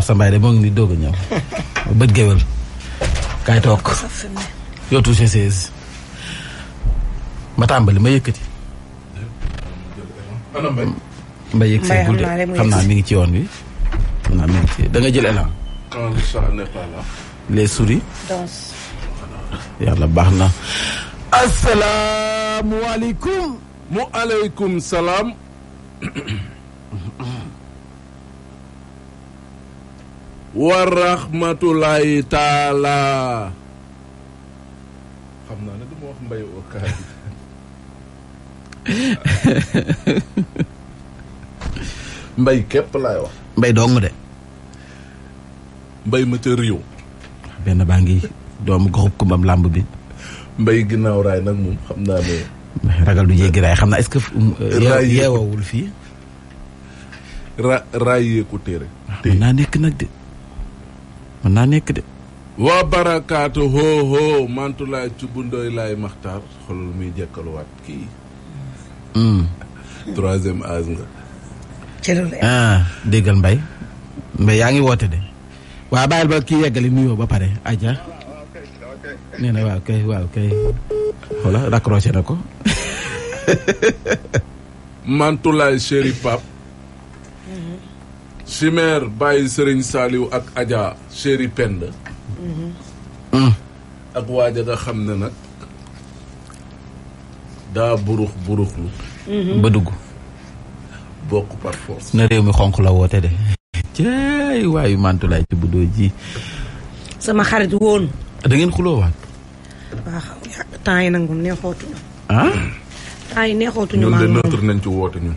Samba de moo ngi ni doog a ñëw bët géwél kaay toog yow touché ma tàmbali ma yëkkati ma yëg see bul de xam naa mi ngi ci yoon bi xam naa mi ngi ci da jël élan les souris yàlla baax na asalaamualeykum mu aleykum salaam wa rahmatulahi taala xam naa ne du mbay okaay képp laay wax mbay dong de mbay ma benn baa ngi doomu goxub kumbam làmb bi mbay ginnaaw raay nag moom xam naa ne ragal du yéegi raay xam naa est-ce que euh, yeewawul fii ra raay yeeku téere mën naa nekk nag de mën naa nekk de. wa barakaatu hoo mantulaay ci bundooy laay maxtaar xolal muy jëkkaluwaat kii. Hmm. troisième âge nga. ci loolu ah déggal mbay mbay yaa ngi woote de waa bàyyil ba kii yeggali nuyoo ba pare aja nee na waaw kay waaw kay xoola raccroché ko. mantulaay chéri Pape. chimère bàyyi sëriñ saaliw ak Adja chéri pend mm-hmm. ak waaja nga xam ne nag daa burux buruxlu mm-hmm. ba dugg na réew mi xonq la woote de jeey waayu mantulaay ci buddoo ji sama xarit woon da ngeen xuloowaat waa yi nangum neexootu na ah yi neexootu ñu maa noonu nañ ci woote ñun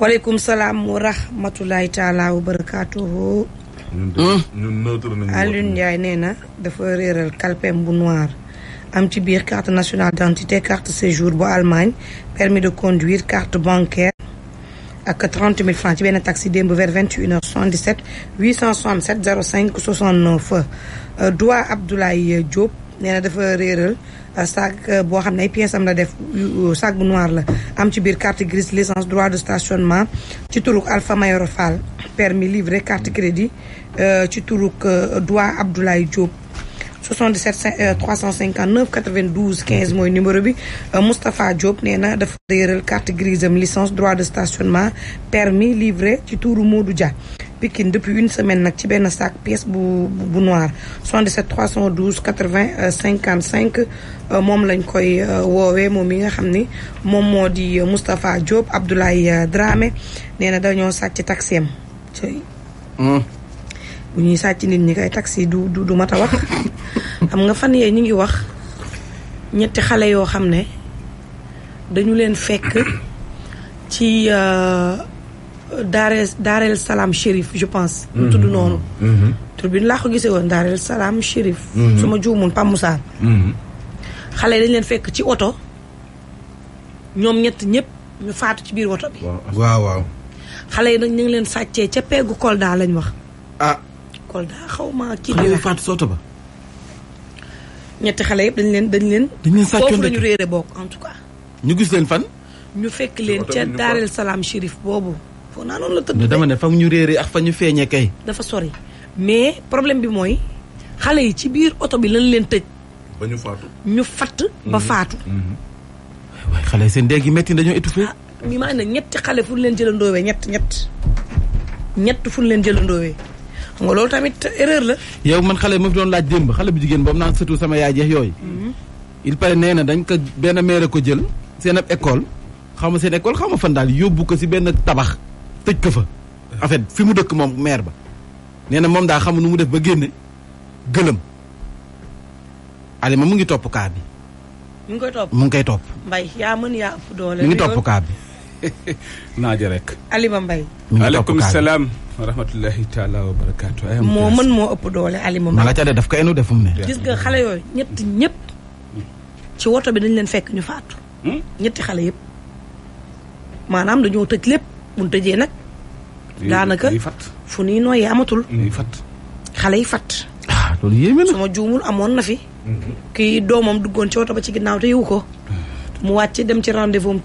waaleykum salaam wa rahmatulahi taala wa barakaatuhu. ñun hmm? na dafa réeral kalpem bu noir am ci biir carte nationale d'identité carte séjour bu Allemagne permis de conduire carte bancaire ak 30 000 francs ci benn taxi démb vers 21 heures 77 867 05 69 Doua Abdoulaye Diop nee na dafa réeral. sac euh, boo xam ne ay pièces am la def sac bu noir la am ci biir carte grise licence droit de stationnement ci turuk Alpha Mayoro Fall permis livré carte crédit euh, ci turuk euh, Doua Abdoulaye Diop 77 359 92 15 mooy numéro bi Moustapha Diop nee na dafa réeral carte grise am licence droit de stationnement permis livré ci tuuru Modou Dia Pikine depuis une semaine nag ci benn sac pièce bu bu noir 77 312 80 55 moom lañ koy euh, woowee moom mi nga xam ni moom moo di euh, Moustapha Diop Abdoulaye euh, Dramé nee na dañoo sàcc taxiem hmm. bu ñuy sàcc nit ñi kay taxi du du du a wax xam nga fan yee ñu ngi wax ñetti xale yoo xam ne dañu leen fekk ci Daareel Daareel Salaam Chérif je pense. mu mhm. tudd noonu. Mhm. tur bi laa ko gisee woon Daareel Salaam Chérif. Mhm. su ma juumoon Pam Moussa. xale yi dañ leen fekk ci oto ñoom ñett ñëpp ñu faatu ci biir oto bi. waaw waaw. xale yi dañ ñu ngi leen sàccee ca peggu Kolda lañ wax. ah. Kolda xaw ma kii xale yi faatu ci oto ba. ñetti xale yëpp dañ leen dañ leen. dañ leen sàccoon foofu la réere bokk en tout cas. ñu gis leen fan. ñu fekk leen ca Daareel Salaam Chérif boobu. ko naa noonu la tëdd. dama ne fa ñu réeré ak fa ñu feeñee kay. dafa sori mais problème bi mooy xale yi ci biir oto bi lañ leen tëj. ba ñu faatu ñu fatt ba mhm. faatu. Mhm. xale yi seen dégg yi métti dañoo étouffé. ah mi maa ñetti xale fu ñu leen jëlandoowee ñett ñett ñett fu ñu leen jëlandoowee. xam nga loolu tamit erreur la. yow man xale ma fi doon laaj démb xale bu jigéen boobu naan surtout sama yaay jeex yooyu. Mhm. il paraît nee na dañ ko benn maire ko jël seen ab école. xaw ma seen école xaw ma fan daal yóbbu ko si benn tabax. tëj ko fa en fi mu dëkk moom maire ba nee na moom daa xam nu mu def ba génne gëlëm Alima mu ngi topp kaa bi. mu ngi koy topp mu ngi koy topp. Mbaye yaa mën yaa ëpp doole. mu ngi topp bi. naaje rek. Alima Mbaye. mu ngi topp kaa moo mën moo ëpp doole Alima Mbaye. ma nga ca de daf koy enu def mu ne. gis nga xale yooyu ñett ñëpp. ci woto bi dañ leen fekk ñu faatu. Hmm? ñetti xale yëpp maanaam dañoo tëj lépp. bu ñu tëjee nag. daanaka fu ñuy nooyee amatul. xale yi fat ah, loolu yéeme na juumul amoon na fi. Mhm. kii doomam duggoon ci oto ba ci ginnaaw te yiwu ko. Hmm. mu wàcc dem ci rendez-vous am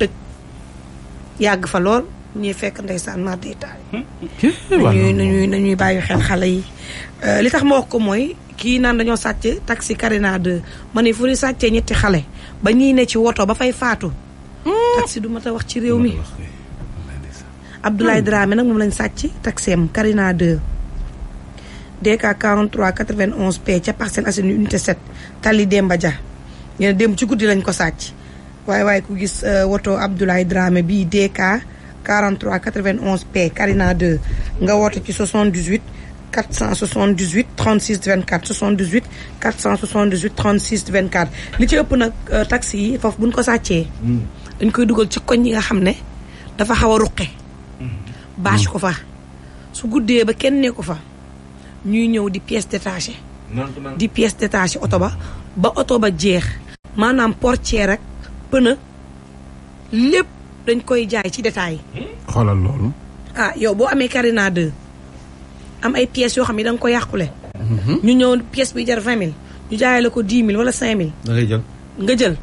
yàgg fa lool ñuy fekk ndeysaan ma day taal. nañuy nañuy nañuy bàyyi xel xale yi. Euh, li tax ma wax ko mooy kii naan dañoo sàcc taxi Carina 2 ma ne fu ñu sàccee ñetti xale ba ñuy ne ci woto ba fay faatu. Hmm. taxi du mat wax ci réew mi. Abdoulaye hmm. Dramé nag moom lañ sàcc taxeem Carina 2 DK 43 91 P ca Parcelles Assainies unité 7 Tali Demba Dia ñu ne démb ci guddi lañ ko sàcc waaye waaye ku gis euh, woto Abdoulaye Dramé bii DK 43 91 P Carina 2 nga woote ci 78 478 36 24 78 478 36 24 li ci ëpp nag euh, taxi yi foofu buñ ko sàccee hmm. dañ koy dugal ci koñ yi nga xam ne dafa xaw a ruqe bâche hmm. ko fa su guddee ba kenn ne fa ñuy ñëw di pièce détachée di pièce détachée oto ba ba oto ba jeex maanaam portière ak pneu lépp dañ koy jaay ci yi hmm? xoolal loolu ah yow boo amee carina 2 am ay pièces yoo xam ne danga nga ko yàqule mhm. ñu ñëw pièce bi jar vingt mille ñu jaay la ko dix mille wala cinq mille da ngay nga jël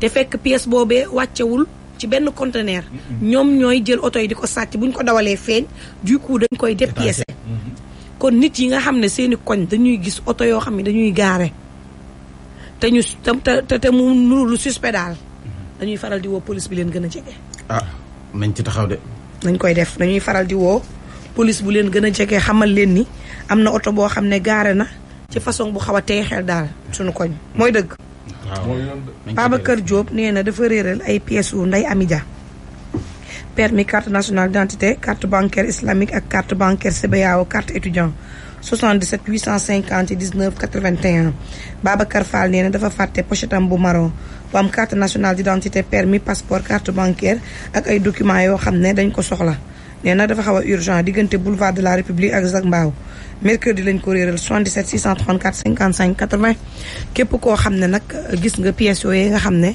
te fekk pièce boobee wàccewul ci benn conteneur. ñoom ñooy jël oto yi di ko sàcc bu ko dawalee feeñ du dañ koy dépiécer mhm. kon nit yi nga xam ne seeni koñ dañuy gis oto yoo xam ne dañuy gaare te ñu te te mu mhm. dañuy faral di woo police bi leen gën a jege. ah nañ ci taxaw de. dañ koy def dañuy faral di woo police bu leen gën a jege xamal leen ni am na oto boo xam ne gaare na ci façon bu xaw a teexeel daal suñu koñ mhm. mooy dëgg. Babacar Diop nee na dafa réeral ay pièces wu Ndeye Amy Dia permis carte nationale d'identité carte bancaire islamique ak carte bancaire CBAO carte étudiant 77 850 19 81 Babacar Fall nee na dafa fàtte pochetam bu marron bu am carte nationale d'identité permis passeport carte bancaire ak ay document yoo xam ne dañ ko soxla nee na dafa xaw a urgent diggante boulevard de la République ak Zac Mbao mercredi lañ ko réeral 77 634 55 80 képp koo xam ne nag euh, gis nga pièces yooyu nga xam ne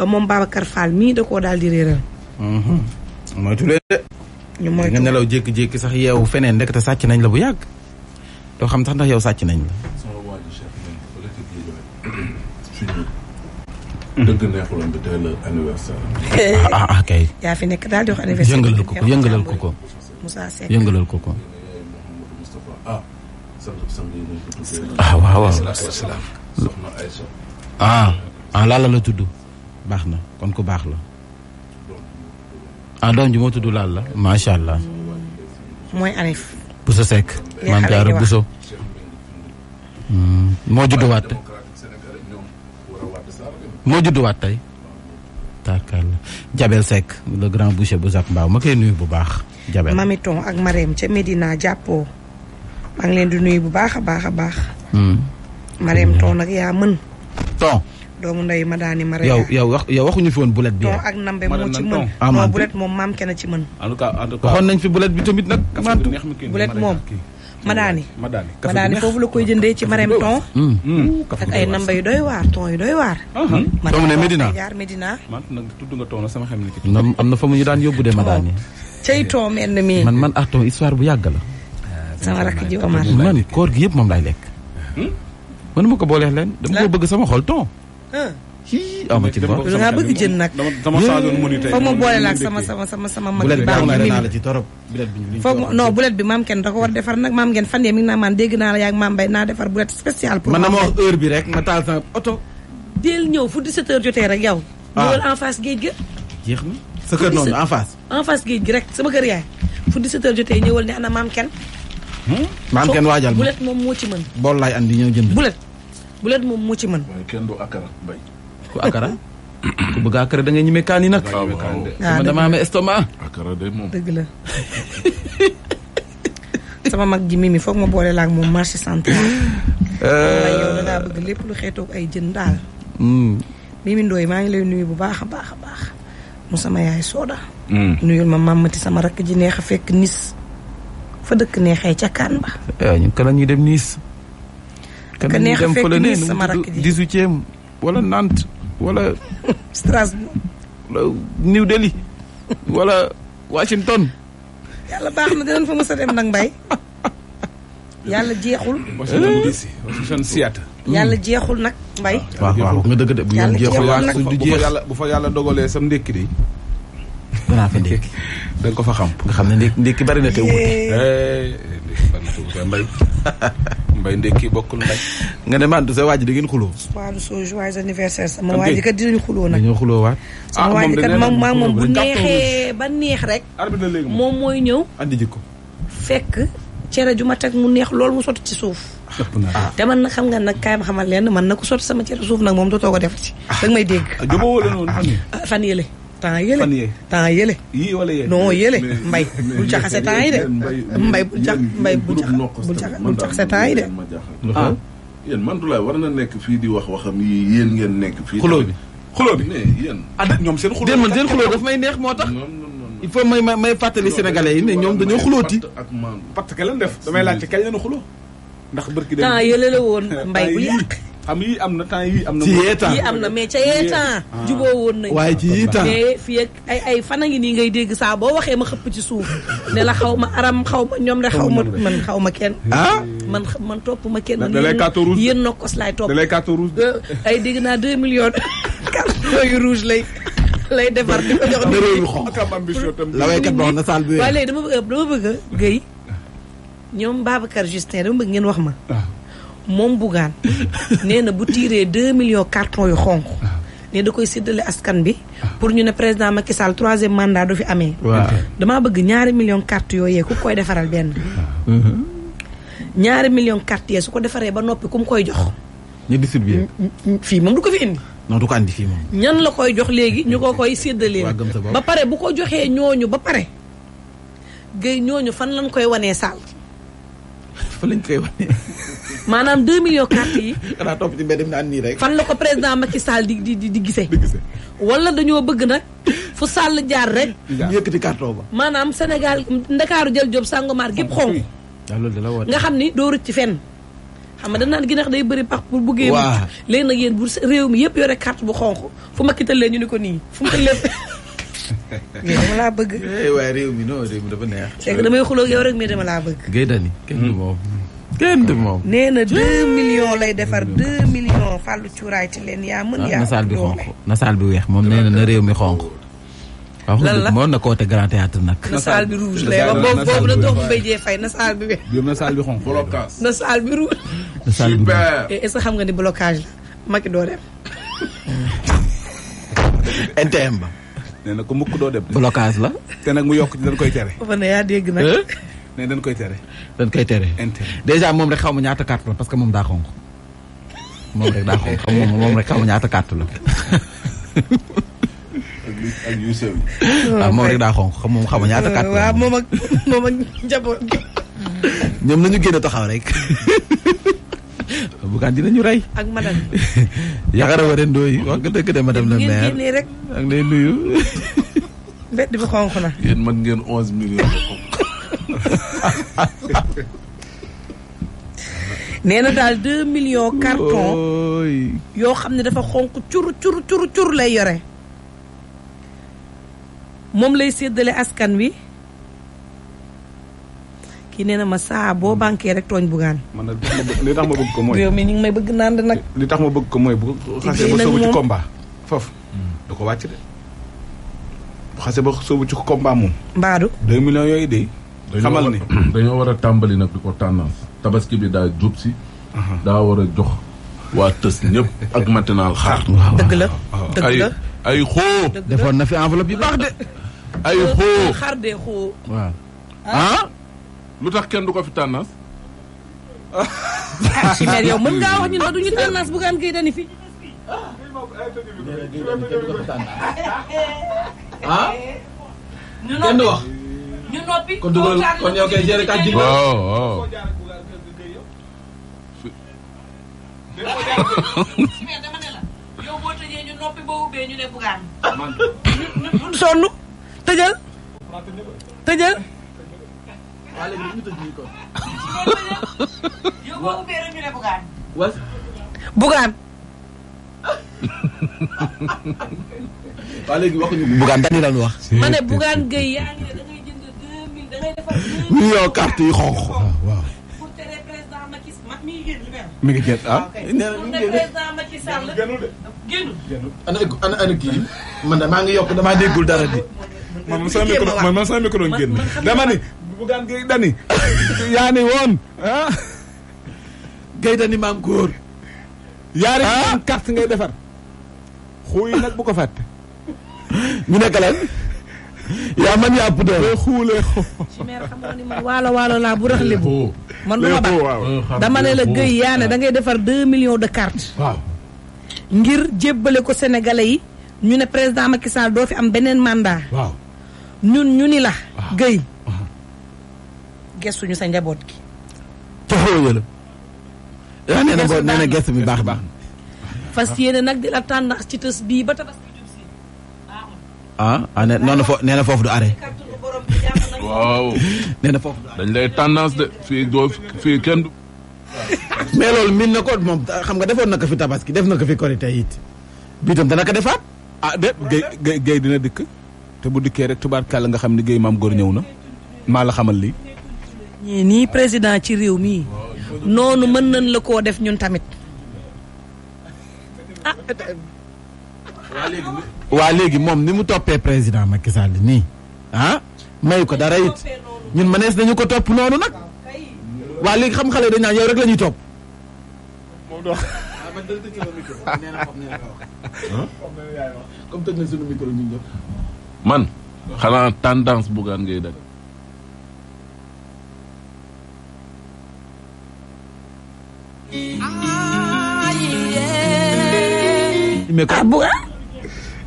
euh, moom Babacar Fall mii da koo daal di réeral. Mhm. moytu leen de. ñu nga nelaw jékki-jékki sax yeewu feneen ndekk te sàcc nañ la bu yàgg. doo xam tax ndax yow sàcc nañ la. Hmm. dëgg ah, ah ah kay. yaa fi nekk daal di wax anniversaire yëngalal ko ko yëngalal ko ko. Moussa Seck yëngalal ko ko. Ah, ah waaw waaw. ah ah la tudd. baax na kon ku baax la. ah doom ji moo tudd laal la macha allah. mooy Arif. Bousso Seck. maam Jaara Bousso. moo judduwaat. moo judduwaat tey. tarkal Jabel Seck grand boucher bu Zac Mbao ma koy nuyu bu baax. Jabel Mamiton ak Marème ca Medina jàppoo. maa ngi leen di nuyu bu baax a baax a baax. Hmm. Marème ton nag yaa mën. ton. doomu nday ma daani ma yow yow wax yow waxuñu fi woon bulet bi. ton ak nambe moo ci mën. Ah, moom maam kenn ci mën. en tout cas en tout cas waxoon nañ fi bulet bi tamit nag. maantu bulet moom. madaani madaani foofu la koy jëndee ci marem ton hmm. hmm. ak ay namba yu doy waar ton yu doy waar doomu ne Medina jaar Medina nag tudd nga ton sama xam ne am na fa mu ñu daan yóbbu de madaani cey ton mel man man ah ton histoire bu yàgg la sama rakk ji Omar gi yëpp moom laay lekk. man hmm? ma ko boolee leen. dama ko bëgg sama xol ton. Ah. hii ma ci da nga bëgg jën nag. dama fa ma boole la ak sama sama sama sama mag yi baax la ci torop bulet bi fa non bulet bi maam kenn da war defar nag maam ngeen fan yee mi naa dégg naa la yaa ngi maam bay naa defar bulet spécial pour man na ma heure bi rek ma taal sama oto del ñëw fu 17 jotee rek yow ah. ñëwal en géej ga jeex na sa kër noonu en face en face géej gi rek sama kër yaay fu 17 heures jotee ñëwal ne ana maam kenn maanaam hmm? kenn waajal ma bulet moom moo ci mën. bool laay andi ñëw jënd. bulet bulet moom moo ci mën. waaye kenn du akara bay. ku akara. nag. waaw waaw ah, dama amee moom dëgg la. sama mag ji mimi foog ma boole la moom marché central. wala yow da daa euh, bëgg lépp lu xeetoog ay jën daal. Hmm. mimi maa ngi lay nuyu bu baax a baax a baax. mu sama yaay Soda. Hmm. nuyul ma mamati sama rakk ji neex a fekk nis. fa dëkk neexee ca kaan ba. waaw eh, ñun ñuy dem Nice. kan la ñuy dem fële ne sama rakk ji dix-huitième wala Nantes wala. Strasbourg. wala New Delhi. wala Washington. yàlla baax na dinañ fa mës a dem nag mbay yàlla jeexul. Washington DC Washington Seattle. Hmm. yàlla jeexul nag mbay waaw waaw nga dëgg de bu jeexul yàlla bu fa yàlla dogalee sam ndékki di. danaa fa da ko fa xam. nga xam ne ndékki ndékki bari na te wuute. mbay mbay ndékki bokkul mbay. nga ne maanaam sa waa ji da ngeen xuloo. waaw soo joyeux anniversaire sama waa ji kat dinañ xuloo nag. dañoo xuloo ah, moom da moom bu neexee ba neex rek. arbitre moom mooy ñëw. andi jikko fekk. cere ju ma teg mu neex loolu mu sotti ci suuf. te man nag xam nga nag kaay ma xamal leen man na ko sotti sama cere suuf nag moom dootoo ko defati. Ah. danga may dégg. ah ah ah fan yële. temps yële fan yee temps yële. yii wala yee non yële mbay bul jaxase temps yi de. mbay bul jax mbay bul jax bul jaxase temps yi de. ah yéen man Doulaye war na nekk fii di wax waxam yii yéen ngeen nekk fii. xuloo bi xuloo bi mais yéen. ah ñoom seen xuloo déedéet man seen xuloo daf may neex moo tax. il faut may may fàttali sénégalais yi ne ñoom dañoo xulooti. parce que lan def damay laajte kañ la ñu xuloo. ndax barki dem temps yële la woon mbay bu yàq am yii am na temps yii am na. ci yee am na mais juboo woon nañu waaye ci yii temps ay fan a ngi nii ngay dégg saa boo waxee ma xëpp ci suuf ne la xaw ma aram xaw ma ñoom de xaw ma man xaw ma kenn. ah man man topp ma kenn. da lay carte rouge yéen nokkos laay topp da lay carte rouge. Euh, ay dégg naa 2 millions carte yooyu rouge lay. lay defar di ko jox di ko la waykat boo xam waaye léegi dama bëgg dama bëgg a Guèye ñoom Babacar Justin dama bëgg ngeen wax ma. Ah. moom Bougane nee na bu tiiree deux millions cartons yu xonq ah. ne da koy séddale askan bi ah. pour ñu ne président Macky Sall troisième mandat du fi amee damaa bëgg ñaari million carte yee ku koy defaral benn ah. mhm. ñaari million carte yee su ko defaree ba noppi ku mu koy jox ñu distribué fii moom du ko fi indi non du ko andi fii ñan la koy jox léegi ñu ko koy séddalee ba pare bu ko joxee ñooñu ba pare gay ñooñu fan lañ koy wanee Sall fa lañ koy wane. maanaam 2 millions cartes yi. xanaa topp ci fan la ko président ma ki di di di gisee. di wala dañoo bëgg nag fu Sall jaar rek. ñu yëkkati carton ba. maanaam Sénégal ndakaaru jël job Sangomar gépp xonk. Ah, ah, nga xam ni doo rëcc fenn. xam nga dañ naan ginnaaw day bëri pax bu buggee. waaw léegi nag yéen bu réew mi yëpp yore carte bu xonq fu Macky tëlee ñu ni ko nii fu mu tëlee. Guèye dama laa bëgg. waaye réew mi non réew mi dafa neex. c'est que damay xuloo yow rek mais dama laa bëgg. Guèye Dany kenn du moom. Hmm. kenn du moom. nee na 2 millions lay defar 2 hmm. millions fàllu cuuraay ci leen yaa mën ah, yaa. nasaal bi xonq nasaal bi weex moom nee na na réew mi xonq. lan la moom na côté grand théâtre nag. nasaal bi rouge lay wax boobu boobu na doomu mbéjee fay nasaal bi weex. yow nasaal bi xonq. blocage nasaal bi rouge. nasaal bi super. Eh, est-ce que xam nga ni blocage la Macky doo dem. NTM ba. nee na ko mukk doo dem. la. te nag mu yokk ci dañ koy tere. foofa ne eh? dañ koy tere. dañ koy tere. dèjà moom rek xaw ma ñaata carte la parce que moom daa xonq moom rek daa xonq xam moom moom rek xaw ma ñaata carte la. ak yu sew waaw ah, moom xam moom xaw ma moom ak moom ak njaboot ñoom nañu génn taxaw rek. bugaan dinañu rey. ak madame. Yakhar Awa Ren wax nga dëgg de madame la maire ngeen rek. ak lay na. yéen mag daal deux millions carton yoo xam ne dafa xonq cur cur cur cur lay yore moom lay séddale askan wi. kii nee na ma saa boo banqué rek tooñ bugaan. man nag li tax ma bëgg ko mooy. réew mi ñu ngi may bëgg naan nag. li tax ma bëgg ko mooy bu ba soobu ci combat foofu. da ko wàcc de bu xasee ba soobu ci combat moom. mbaadu. 2 millions yooyu de. xamal dañoo war a tàmbali nag di ko tendance tabaski bi daa jub si. daa war a jox waa tës ñëpp ak matinal xaar. dëgg la ay ay defoon na fi enveloppe yu baax de. ay xoo xaar de xoo. lu tax kenn du ko fi tànnaas. ah Chimère yow mën ngaa wax ñu ne duñu tànnaas bu gaan kay dani ah. kenn du wax. ñu noppi ji. waaw waaw. dama ne la yow boo waa léegi ñu tëj nii kon. yow boo ubbee rek ñu ne bugaan. was. bugaan. waa léegi waxuñu bugaan daal di daan wax. ma ne bugaan gay yaa ah, ngi ne da ngay jënd deux mille da ngay defar deux mille. million carte yi xonq. Ah, ah, waaw pour tere président Macky Sall mi ngi génn mi ngi génn ah. nee na mi ngi génn président Macky Sall génn. ana ana ana kii man de maa ngi yokk damaa déggul dara di. man man sama micro man man sama micro génn dama ni. Bougane Gueye Dany yaa woon ah. maam góor. yaari maam ah. carte ngay defar. xuuy nag bu ko fàtte. ñu nekk lan. yaa man yaa ëpp doole. xuulee xoo. man laa bu rax lébu. ma baax dama ne la Gueye yaa ne ah. da ngay defar 2 millions de cartes. waaw. ngir jébbale ko sénégalais yi ñu ne président Macky Sall doo fi am beneen mandat. waaw ñun ñu ni la. Ah. Gueye gestuñu sa njaboot gi. joxoo yële. yaa nee na boo nee na bi baax baax. fas yéene nag di la tendance ci tës bii ba tabaski jub si. ah ah nee na foofu du are waaw. na foofu dañ lay tendance de fii doo fii kenn du. mais loolu na ko moom xam nga defoon na ko fi tabaski def na ko fi kori it bii tam dana ko defaat. ah de Guèye Guèye dina dikk te bu dikkee rek tubaarkàlla nga xam ni géey maam gor ñëw na maa la xamal lii. ñii nii président ci réew mii noonu mën nañ la koo def ñun tamit ah. waa léegi moom ni mu toppee président Macky Sall nii ah may ko dara it ñun mënees nañu ko topp noonu nag waa léegi xam xale dañ naan yow rek la topp. man xanaa tendance bugaan ngay def. ah bu ah.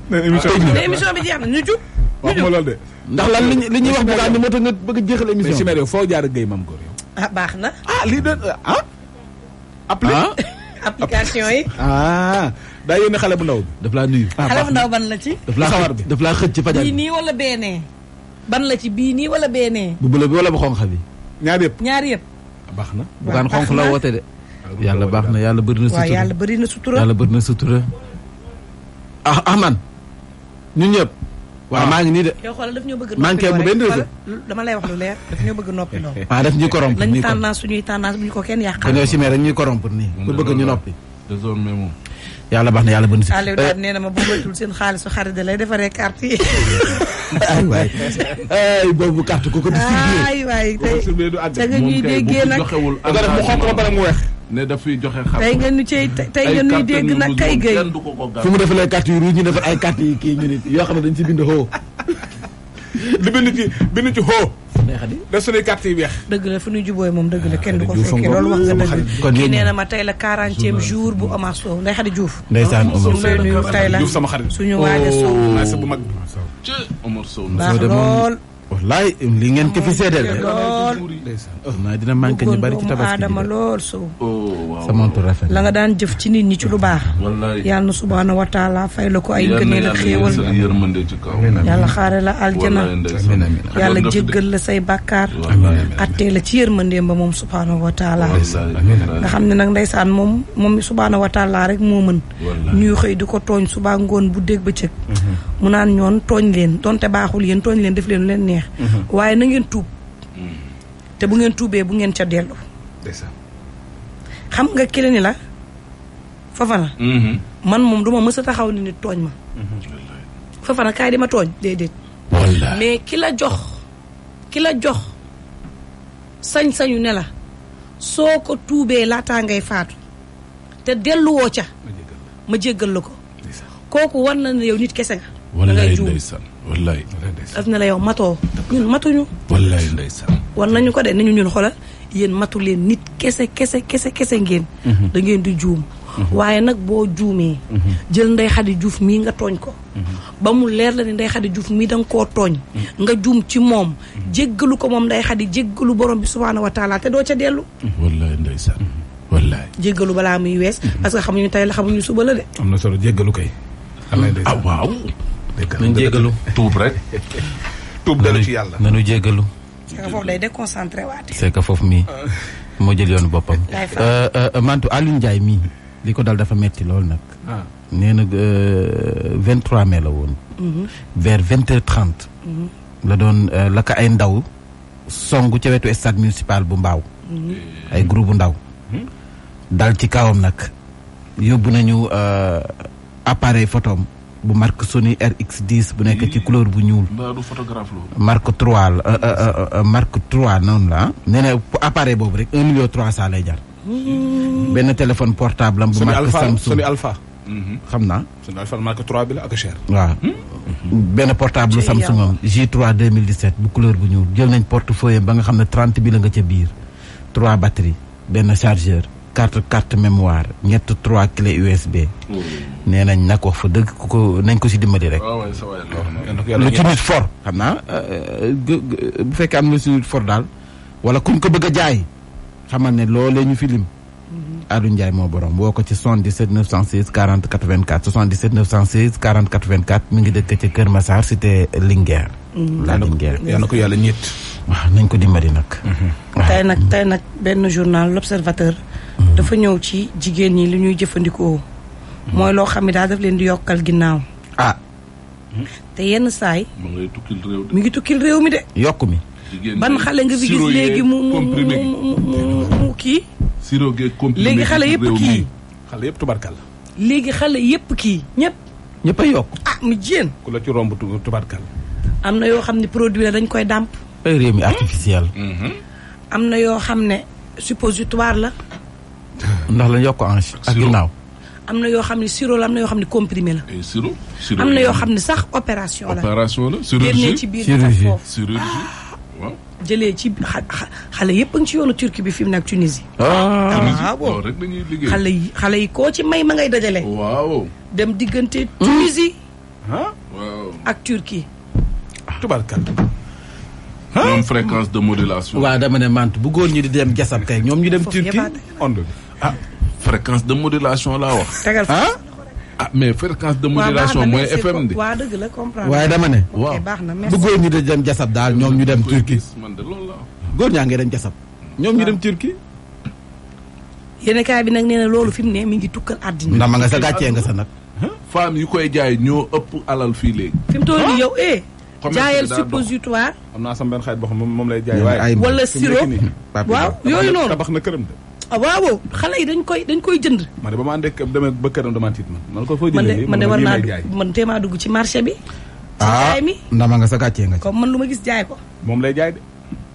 nee na émission bi jeex na ñu jub. waxuma loolu de. ndax lan li li ñuy wax bu baax ni moo tax nga bëgg a jeexal émission bi. mais si foo jaar Guèye Mame Gor yow. ah baax na. ah lii de ah. appli ah? application yi. ah daa yónni xale bu ndaw bi. daf laa nuyu. ah xale bu ndaw ban la ci. daf laa xawar bi daf laa xëcc ci fajar bi. bii nii wala beenee. ban la ci bii nii wala beenee. bu bële bi wala bu xonq bi. ñaar yëpp ñaar yëpp. Ah, baax na bugaan xonq la woote de. yàlla baax na yàlla bëri na sutura waaw yàlla bëri na sutura yàlla bëri na sutura ah Ahmad ñun ñëpp. waaw ah. maa ngi nii de. yow xoolal daf ñoo bëgg noppi bu benn dama lay wax lu leer daf ñoo bëgg noppi loo. waaw ah, daf ñuy corrompre nii lañ tendance suñuy tendance bu ñu ko kenn yàqal. dañoo simee dañuy corrompre nii pour bëgg ñu noppi. désormais moom. yàlla baax na yàlla bëri na. Aliou daal eh. nee na ma bu moytuwul seen ay boobu carte ku ko distribué. ay waay tey nga ñuy déggee nag. mu xonk ba pare mu weex. ne dafay joxe xam tey ngeen ñu cey tey ngeen ñuy dégg nag kay gay fu mu defalee carte yu rouge ñu defar ay carte yi kii ñu nit yoo xam ne dañ ci bind xoo di bind ci bind ci xoo da suñuy carte yi weex dëgg la fu ñuy jubooy moom dëgg la kenn du ko fekkee kii nee ma tey la quarantième jour bu Omar Sow Ndeye Khady Diouf ndeysaan Omar Sow tey la sama xarit suñu waaja Sow oh. bu mag bi lool wallaay li ngeen ko fi seedeel ñu bari ci tabaski lool soo oh, sa rafet la nga daan jëf ci nit ñi ci lu baax. wallaay yàlla na subhaana wa taala fay la ko ay gëneel ak xéewal. yàlla xaare la aljana. yàlla jéggal la say bàkkaar. attee la ci yërmandeem ba moom subhaana wa taala. nga xam ne nag ndeysaan moom moom subhaana wa rek moo mën. ñuy xëy di ko tooñ suba ngoon bu dégg ba cëg mm. mu naan ñoon tooñ leen donte baaxul yéen tooñ leen def leen lu leen neex mhm. waaye na ngeen tuub mhm. te bu ngeen tuubee bu ngeen ca dellu xam nga kile ni la Fafana mhm. man moom duma mës a taxaw ni nit tooñ ma Fafana kaay di ma tooñ déedéet mais ki la jox ki la jox sañ-sañu ne la soo ko tuubee laataa ngay faatu te delluwoo ca ma jéggal la ko kooku war na ne yow nit kese nga. wallaay ndeysaan wallaay ndeysaan daf na la yow matoo ñun matuñu. war nañu ko de nañu ñun xoolal yéen matu leen nit kese kese kese kese ngeen. Mhm. da ngeen di juum. Mhm. waaye nag boo juumee. Mhm. jël Ndeye Khady juuf mii nga tooñ ko. ba mu leer la ni Ndeye Khady juuf mii da nga koo tooñ. nga juum ci moom. jéggalu ko moom Ndeye Khady jéggalu borom bi subhaanahu wa taala te doo ca dellu. wallaay ndeysaan jéggalu balaa muy wees. parce que xamuñu tey la xamuñu suba la de. na solo jéggalu kay. ah waaw. nañ jégalu tuub rek. tuub dellu ci yàlla nañu jégalu. c'est que foofu day déconcentré que foofu mii moo jël yoonu boppam. Euh, euh, euh, Mantou Alioune Ndiaye mii li ko dal dafa metti loolu nag. Ah. nee na 23 mai la woon. Mhm. vers vingt h 30 mhm. la doon la ay ndaw songu ca wetu stade municipal bu Mbaaw. Mhm. ay groupe bu ndaw. Hmm? dal ci kawam nag yóbbu nañu. appareil photo bu marque Sony RX10 bu nekk ci couleur bu ñuul. mbaa du photographe la. Euh, euh, euh, marque marque 3 noonu la ah. nee na appareil boobu rek 1 million 300 lay jar. Mmh. benn téléphone portable am. bu marque Samsung Sony mmh. xam naa. Sony Alpha marque 3 bi la ak cher. waaw mmh. benn portable Samsung am J3 2017 bu couleur bu ñuul jël nañ portefeuille ba nga xam ne 30 bi nga ca biir 3 batterie benn chargeur. carte carte mémoire ñett trois clé USB. nee nañ na ko fa dëgg ku ko nañ ko si dimbali rek. lu ci nit fort bu fekkee am lu si nit fort daal wala kuñ ko bëgg a jaay xamal ne loolee ñu fi lim. Mm-hmm. Aliou Ndiaye moo borom woo ko ci 77 916 40 84 77 916 40 84 mi ngi dëkk ca Kër Massar cité Linguère. Mm-hmm. la Linguère yaa na ko yàlla ñett. waaw nañ ko dimbali nag. Mm-hmm. tey nag tey nag benn journal l'observateur dafa ñëw ci jigéen ñi li ñuy jëfandikoo. mooy loo xam ne daal daf leen di yokkal ginnaaw. ah. te yenn saay. mu ngi tukkil réew mi ngi tukkil réew mi de. yokk mi. ban xale nga fi gis léegi mu mu mu kii. sirop yeeg comprimé léegi xale yëpp kii. xale yëpp tubarkal. léegi xale yëpp kii ñëpp. ñëpp a yokk ah mu jéen. ku la am na yoo xam ne produit la dañ koy dàmp. ay réew mi artificiel. Mm-hmm. am na yoo xam ne suppositoire la. ndax lañ yokk ange ak ginnaaw am na yoo xam ne siro la am na yoo xam ne comprimé la. sirop sirop am na yoo xam ne sax opération la. opération la chirurgie ci biir chirurgie ah. waaw. jëlee ci xale yëpp a ci yoonu Turquie bi fi mu nekk Tunisie. ah bon ah, rek dañuy liggéey xale yi xale yi koo ci may ma ngay dajale. waaw dem diggante. Tunisie. ah waaw ak Turquie. ñoom fréquence de modulation. waaw dama ne mante bu góor ñi di dem jasab kay ñoom ñu dem. turki onde ah, de modulation laa wax. tegal ah, mais fréquence de modulation mooy FM de. waaw dëgg la comprendre waaye dama ne. bu góor ñi di dem jasab daal ñoom ñu dem turki man de loolu la góor ñaa ngi dem jasab ñoom ñu dem turki yéen kaay bi nag nee na loolu fi mu ne mi ngi tukkal àddina. ndax ma nga sa gàccee nga sa nag. femmes yu koy jaay ñoo ëpp alal fii léegi. fi mu nii yow eh. jaayal suppositoire. am naa sama benn xarit boo xam moom lay jaay. waaye wala sirop waaw yooyu noonu tabax na këram de. ah waaw xale yi dañ koy dañ koy jënd. man de ba ma ànd ak ba këram damaa tiit man. man ko fooy jëndee man de war naa man teemaa dugg ci marché bi. ci jaay ah, mi ndama nga sa gàccee nga ci. comme man lu ma gis jaay ko. moom lay jaay de.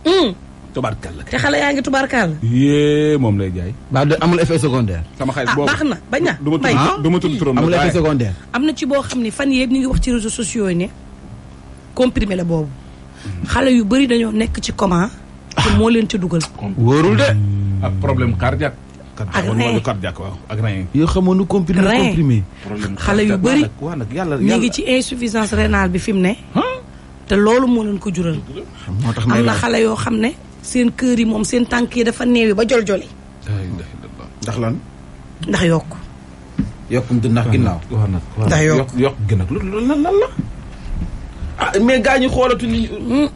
Hmm. tubaarkàlla te xale yaa ngi tubaarkàlla. yee moom lay jaay. ba de amul effet secondaire. sama xarit ah, na bañ na. du amul effet secondaire. am na ci boo xam ne fan yëpp ñu ngi wax ci réseaux sociaux yi ne comprimé la boobu. xale yu bari dañoo nekk ci comment te moo leen ci dugal. wóorul de. ak problème cardiaque. ak rein cardiaque waaw ak rein. yoo xamoon nu comprimé comprimé. xale yu bëri ñu ngi ci insuffisance rénale bi fi mu ne. te loolu moo leen ko jural. moo tax am na xale yoo xam ne. seen kër yi moom seen tànk yi dafa néew ba jol-joli. ndax lan. ndax yokk. yokkum ndax ginnaaw. ndax yokk yokk gi nag lu la la la. mais gaa ñu xoolatu ni hmm?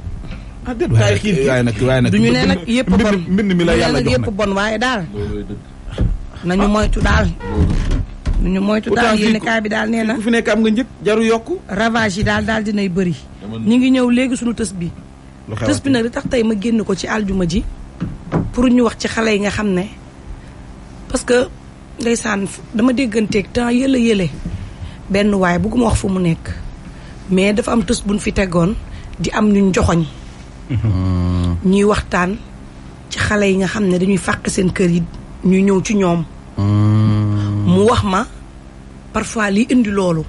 ah déedéet waaye nag waaye nag waaye nag ne nag yëpp bon mbind mi la yàlla jox nag yëpp bon waaye daal nañu ah. moytu daal nañu moytu daal yéen kaay bi daal nee na ku fi nekk am nga njëg jaru yokk ravage yi daal daal dinay bëri ñu ngi ñëw léegi suñu tës bi tës bi nag li tax tey ma génn ko ci aljuma ji pour ñu wax ci xale yi nga xam ne parce que ndeysaan dama dégganteeg temps yële yële benn waaye bugguma wax fu mu nekk mais dafa am tës buñ fi tegoon di am ñu joxoñ ñuy waxtaan ci xale yi nga xam ne dañuy fàq seen kër yi ñuy ñëw ci ñoom mu wax ma parfois li indi loolu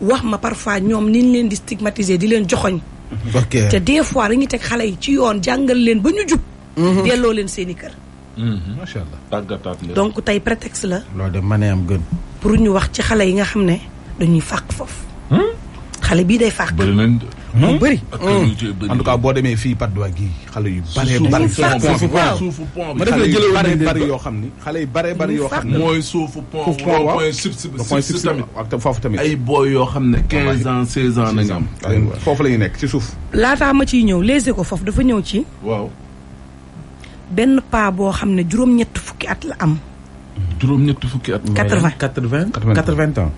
wax ma parfois ñoom niñ leen di stigmatiser di leen joxoñ te des fois dañuy teg xale yi ci yoon jàngal leen ba ñu jub mhm. delloo leen seen i kër mhm. macha allah donc tey prétexte la loolu de ma ne am gën pour ñu wax ci xale yi nga xam ne dañuy fàq foofu hmm? xale bii day fàq. bëri nañ hmm? bëri. en tout cas boo demee fii Patte d'Oie gii xale yu. baree bari suufu yoo xam ni. xale yu baree bari yoo xam ne mooy suufu pont. waaw suufu tamit ak foofu tamit. ay booy yoo xam ne 15 ans 16 ans nañ am. foofu la ñu nekk ci suuf. laataa ma ciy ñëw les ko foofu dafa ñëw ci. waaw. benn paa boo xam ne juróom-ñett fukki at la am. juróom-ñett fukki at. 80 80 80 ans.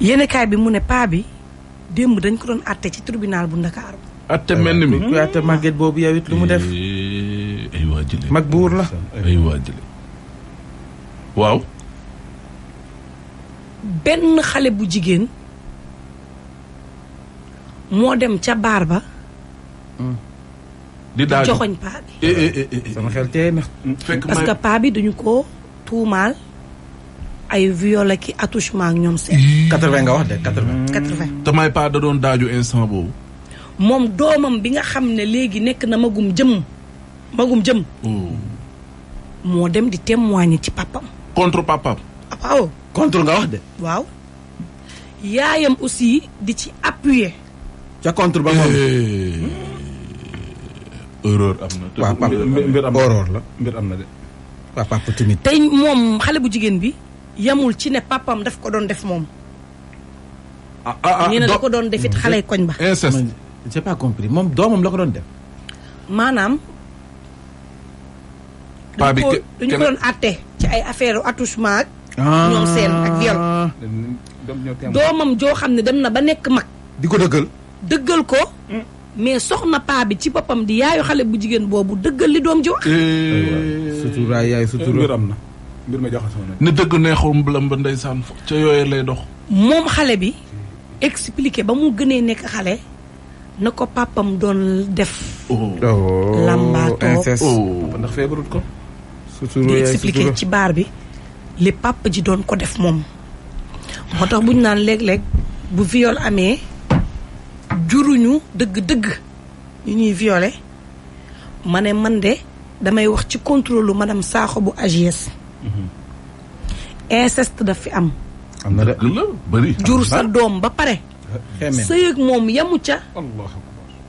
yéenekaay bi mu ne paa bi démb dañ ko doon àtte ci tribunal bu Ndakaaru. àtte mel ni mi àtte màgget boobu yow lu mu def. Eh, ay mag buur la ay waaw. benn xale bu jigéen moo dem ca baar ba. Hmm. di daal eh, eh, parce que paa bi dañu ko tuumaal. ay viol ki attouchement ak ñoom seen. 80 nga wax de 80. 80 tamay pas da doon daaju instant boobu. moom doomam bi nga xam ne léegi nekk na magum jëm magum jëm. Oh. moo dem di témoigner ci papam. contre papam. Ah, waaw. contre nga wax de. waaw. yaayam aussi di ci appuyer. ca contre ba eh. la mbir am na de. waaw papa tey moom xale bu jigéen bi. yamul ci ne papam daf ko doon def moom. ah ñu ah, ah, da ko doon defit mm-hmm. xale koñ ba. inceste compris moom doomam la ko doon def. maanaam. paa bi dañu ko doon àtte ci ay affaire attouchement ak. Ah. ñoom seen ak viol. doomam joo xam ne dem na ba nekk mag. di ko dëggal. dëggal ko. Mm. mais soxna paa bi ci boppam di yaayu xale bu jigéen boobu dëggal li doom ji wax. Eh. sutura eh, na. mbir ma jaxasoo na. ni dëgg neexoon mbalam ba ndeysaan ca yooyee lay dox. moom xale bi expliqué ba mu gënee nekk xale na ko papam doon def. Oh. Oh, lambaatoo oh. papa ko. di expliqué ci baar bi li papa ji doon ko def moom. moo tax bu ñu naan léeg-léeg bu viol amee juruñu dëgg-dëgg ñu ñuy viole ma ne man de damay wax ci contrôle lu madame Sakho bu AGS. Mm-hmm. inceste daf fi am. am jur sa doom ba pare. sëy ak moom yamu ca.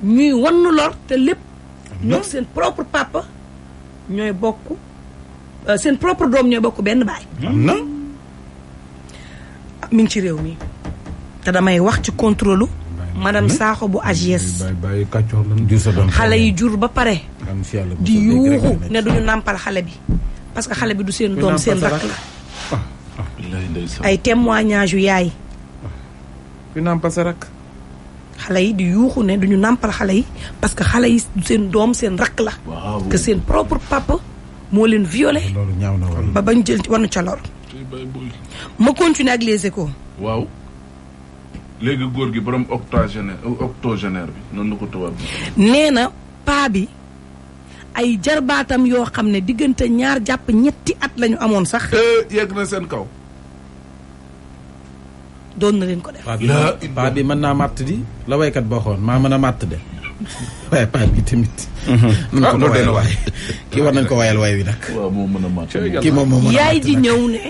ñuy wan lor te lépp. ñoo seen propre papa ñooy bokk euh, seen propre doom ñooy bokk benn baay. am na. mi ngi ci réew mi te damay wax ci contrôle. madame Sakho bu AGS. xale yi jur ba pare. di yuuxu ne duñu nàmpal xale bi. parce que xale bi du seen doom seen rakk la ah, ah, ah. ay témoignage yu yaay ku nàmpal sa rakk xale yi di yuuxu ne duñu nàmpal xale yi parce que xale yi du seen doom seen rakk la que seen propre papa moo leen violé ba bañ jël war na ca lor ma continuer ak les échos léegi góor gi borom octogénaire euh, bi noonu ko tubaab nee paa bi ay jarbaatam yoo xam ne diggante ñaar jàpp ñetti at lañu amoon sax. yegg kaw. doon na leen ko def. paa bi mën naa màtt di la waykat boo xoon maa mën a màtt de waaye paa bi tamit. Mhm. mën ah, nañ ko wayal waay wi nag. waaw moo moo mën a yaay ji ñëw ne.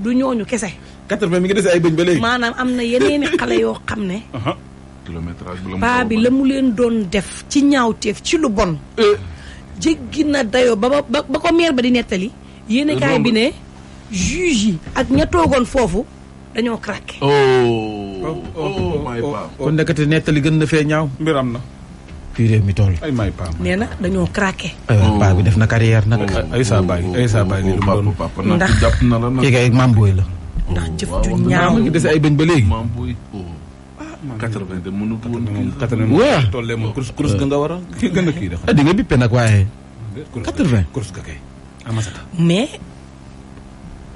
du ñooñu kese. 80 ay bëñ ba maanaam am na yeneeni xale yoo xam ne. Uh-huh. kilométrage bi paa bi la mu leen doon def ci ñaawteef ci lu bon. Eh. jéggi na dayoo ba ba ba ko meer ba di nettali. yéen kaay bi ne juge yi ak ña toogoon foofu dañoo craqué. oh oh, oh, oh, oh may paam kon nekkati nettali gën na fee ñaaw mbir am na. fii réew mi toll. ay dañoo craqué. aywa paa bi def na carrière nag. ay saa baay ay saa baay la. ndax jëf ju ñaaw. maa ngi des ay bëñ ba léegi. 82 mënu ko a kii gën a kii def eh, di nga bippe nag waaye mais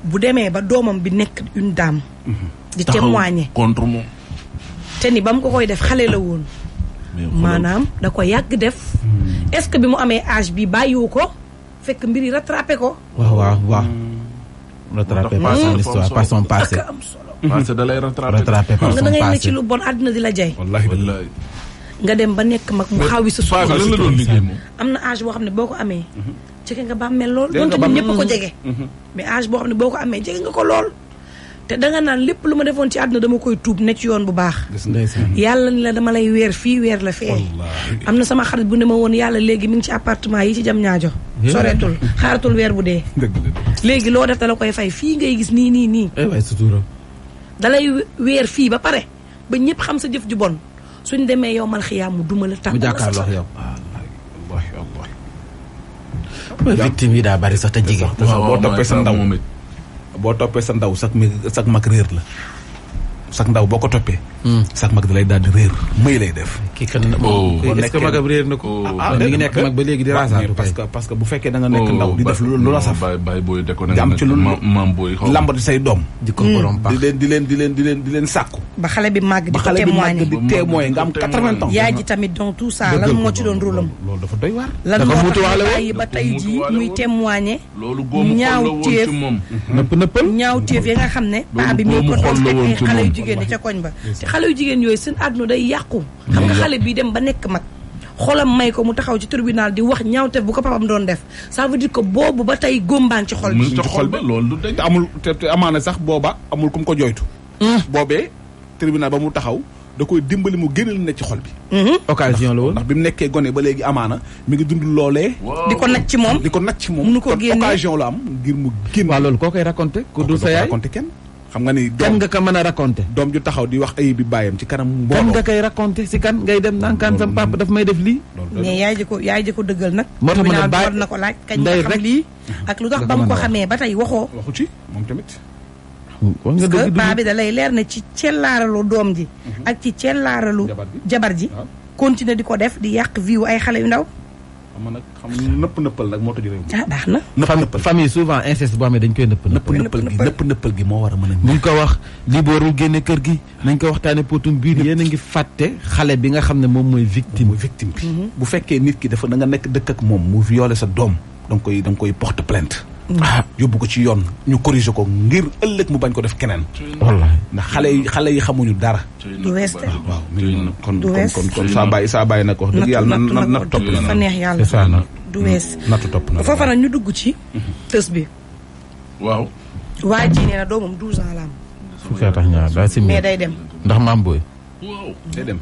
bu demee ba doomam bi nekk une dame mhm. di témoigner contre moom te ni ba mu ko koy def xale la woon maanaam da ko yàgg def hmm. est-ce que bi mu amee âge bi bàyyiwu ko fekk mbir yi rattrapé ko waaw waaw waaw hmm. rattrapé par son histoire par parce mm-hmm. que da lay rattrapé par son nga ne ci lu bon àddina di la jay wallaahi wallaahi nga dem ba nekk mag mu xawi sa suuf am na âge boo xam ne boo ko amee mm-hmm. jege nga bàmmeel lool donte ñun ñëpp ko jege mm-hmm. mais ko amee jege nga lool te danga naan lépp lu ma defoon ci àdduna dama koy tuub ne yoon bu baax yàlla ni la dama lay weer fii weer la fee am na sama xarit bu ne ma woon yàlla léegi mi ngi ci appartement yi ci jam ñaajo soreetul xaaratul weer bu dee léegi loo def da la koy fay fii ngay gis nii nii nii eh dalay weer fii ba pare ba ñëpp xam sa jëf ju bon suñ demee yow mal xiyaam mu duma la tànk mu daa bari sax te jigéen boo toppee sa ndaw boo toppee sa ndaw sax mi sax mag réer la sax ndaw boo ko toppee. sax mag da lay daal di réer may lay def. parce que bu fekkee da nekk oh, ndaw di def lu la saf. di am ci lu lamb di say doom. di ko borom baax di leen di leen di leen di leen sàkku. ba xale bi màgg di ko témoigner di témoigner nga am 80 ans. yaay ji tamit donc tout ça lan moo ci doon rôle am. loolu dafa doy waar. lan moo tax bàyyi ba tey jii muy témoigner. ñaaw téef nëpp nëppal ñaaw téef yi nga xam ne paa bi jigéen ñi ca koñ ba te xale yu jigéen yooyu seen àdduna day yàqu xam nga xale bii dem ba nekk mag xolam may ko mu taxaw ci tribunal di wax ñaawteef bu ko papam doon def ça veut dire boobu ba tey góombaan ci xol bi ci xol ba loolu te amul te amaana sax booba amul ku mu ko jooytu hmm. boobee tribunal ba mu taxaw da koy dimbali mu génnal ne ci xol bi hmm. occasion la woon ndax bi mu nekkee gone ba léegi amaana mi ngi dund loolee di ko nag ci moom di ko nag ci moom occasion la am ngir mu génn waaw loolu koo koy raconté ku dul sa yaay xam nga ni. kan nga ko mën a raconter. doom ju taxaw di wax ayib bi bàyyam ci kanam. mbooloo kan nga koy raconter si kan ngay dem naan kan sam papa daf may def lii. mais yaay ji ko yaay ji ko dëggal nag. moo tax mën a bàyyi na ko laaj kañ nga xam lii. ak lu tax ba mu ko xamee ba tey waxoo. waxu ci moom tamit. wax nga dëgg bi da lay leer na ci cellaaralu doom ji. Mhm. ak ci cellaaralu jabar ji. continuer di ko def di yàq vie ay xale yu ndaw xam nag nëpp nëppal nag moo tëj réew mi. ah baax na. nëpp souvent inceste boo xam ne dañ koy nëpp nëpp nëppal gi nëpp nëppal gi moo war a mën a. buñ ko wax lii boorul génne kër gi nañ ko waxtaanee potum bii. yéen a ngi fàtte xale bi nga xam ne moom mooy victime. mooy victime bi. Mm-hmm. bu fekkee nit ki dafa da nga nekk dëkk ak moom mu violé sa doom da koy da nga koy porte plainte yóbbu ko ci yoon ñu corriger ko ngir ëllëg mu bañ ko def keneen wallaahi ndax xale yi xale yi xamuñu dara du wees waaw kon kon kon saa bàyyi saa bàyyi nag wax dëgg yàlla na na mm-hmm. topp na neex yàlla sa na du wees nattu topp na foofa nag ñu dugg ci mm-hmm. tës bi waaw waa ji nee na doomam mais day dem ndax maam booy day dem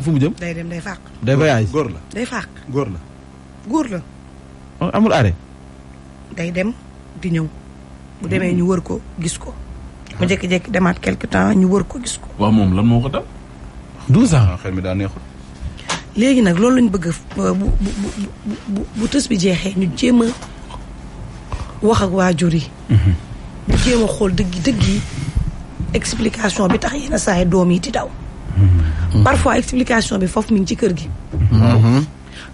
fu mu jëm day dem day fàq day voyage góor la day fàq góor la góor la oh, amul arrêt day dem di ñëw. bu demee ñu wër ko gis ko. mu jékki-jékki demaat quelque temps ñu wër ko gis ko. waaw moom lan moo ko dal. 12 ans mi daa neexul. léegi nag loolu lañu bëgg bu bu bu tës bi jeexee ñu jéem a wax ak waajur yi. Mhm. ñu jéem xool dëgg dëgg yi explication bi tax yenn saa doom yi di daw. Mhm. parfois explication bi foofu mi ngi ci kër gi. Mhm.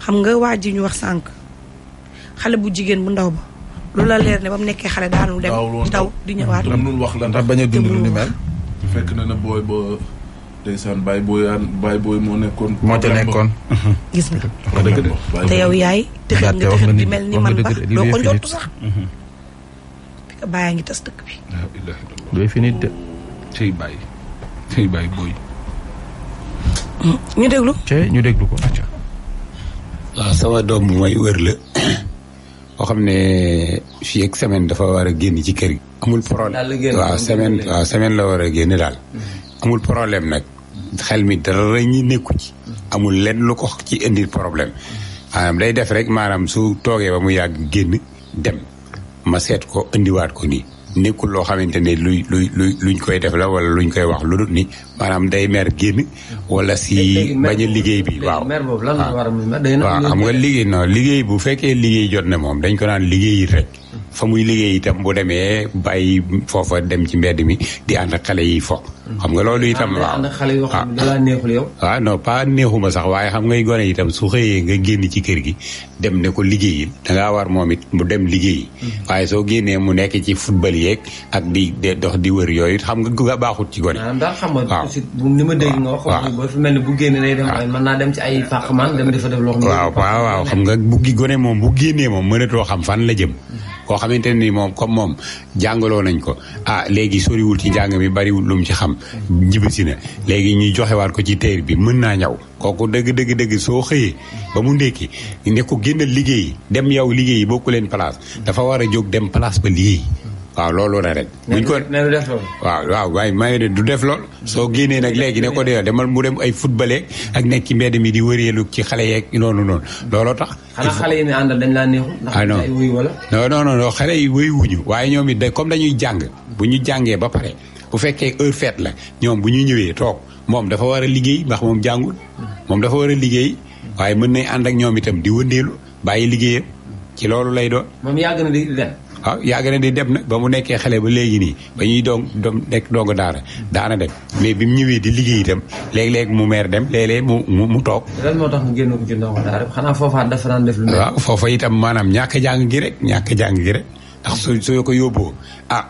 xam nga waa ji ñu wax sànq xale bu jigéen bu ndaw ba. lu la leer ne ba mu nekkee xale daanul dem daw di ñëwaat lam ndax bañ a lu ni mel moo nekkoon nekkoon gis nga te yow yaay te nga texan di mel ni man ba doo ko njortu sax fi ko ngi tas dëkk bi dooy fi nit de cay bàyyi cay bàyyi booy ñu déglu cay ñu déglu ko waaw ah, sama doom mooy wër la koo xam ne fii ak semaine dafa war a génn ci kër gi. amul problème waaw semaine waaw semaine la war a génn daal. Mm-hmm. amul problème nag. xel mi dara ñi nekku ci. Mm-hmm. amul lenn lu ko ci indil problème. Mm-hmm. maanaam day def rek maanaam su toogee ba mu yàgg génn dem ma seet ko indiwaat ko nii. nekkul loo xamante ne luy luy luy luñ koy def la wala luñ koy wax lu dul ni maanaam day mer génn wala si bañ a liggéey bi waaw ah. waaw ah, xam nga liggéey non liggéey bu fekkee liggéey jot ne moom dañ ko naan liggéey rek hmm. fa muy liggéey itam bu demee bay foofa dem ci mbedd mi di ànd xale yi fo xam nga loolu itam waaw waaw ah. ah, non pas neexuma sax waaye xam ngay gone yitam su xëyee nga génn ci kër gi dem ne ko liggéeyil dangaa war moom it mu dem liggéeyi mm-hmm. waaye soo génnee mu nekk ci futbal yeeg ak di de dox di wër yooyu xam nga nga baaxut ci gone ah, daal xam nga ni ma dégg nga bu génne lay dem mën naa dem ci ay pàqman dem dafa def waaw xam nga bu gone moom bu génnee moom mënatoo xam fan la jëm mm-hmm. koo xamante ne ni moom comme moom jàngaloo nañ ko ah léegi soriwul ci njàng mi bariwul lu ci xam njibisi na léegi ñuy joxewaat ko ci téer bi mën naa ñaw kooku dëgg dëgg dëgg soo xëyee ba mu ndékki ne ko génnal liggéey dem yow liggéey bokku leen place dafa war a jóg dem place ba liggéey waaw loolu na rek. buñ ko nee du def loolu. waaw waaye maa ngi du def lool. soo génnee nag léegi ne ko dee demal mu dem ay footballé ak nekk ci mbedd mi di wëreelu ci xale yeeg noonu noonu looloo tax. xanaa xale yi ne àndal dañ laa neexu. ah non ndax wuyu wala. xale yi wuyu wuñu waaye ñoom it day comme dañuy jàng bu ñu jàngee ba pare bu fekkee heure fête la ñoom bu ñu ñëwee toog moom dafa war a liggéey ndax moom jàngul moom dafa war a liggéey waaye mën nañ ànd ak ñoom itam di wëndeelu bàyyi liggéeyam ci loolu lay doon. waaw ah, yàgg na di dem na ba mu nekkee xale ba léegi nii ba ñuy doon doom nekk doonga daara daana dem mais bi mu ñëwee di liggéey itam léeg-léeg mu meer dem léeg-léeg mu mu toog. lan moo tax mu génn ko ci doonga daara xanaa foofa dafa naan def lu waaw foofa itam maanaam ñàkk jàng gi rek ñàkk jàng gi rek ndax su soo ko yóbboo ah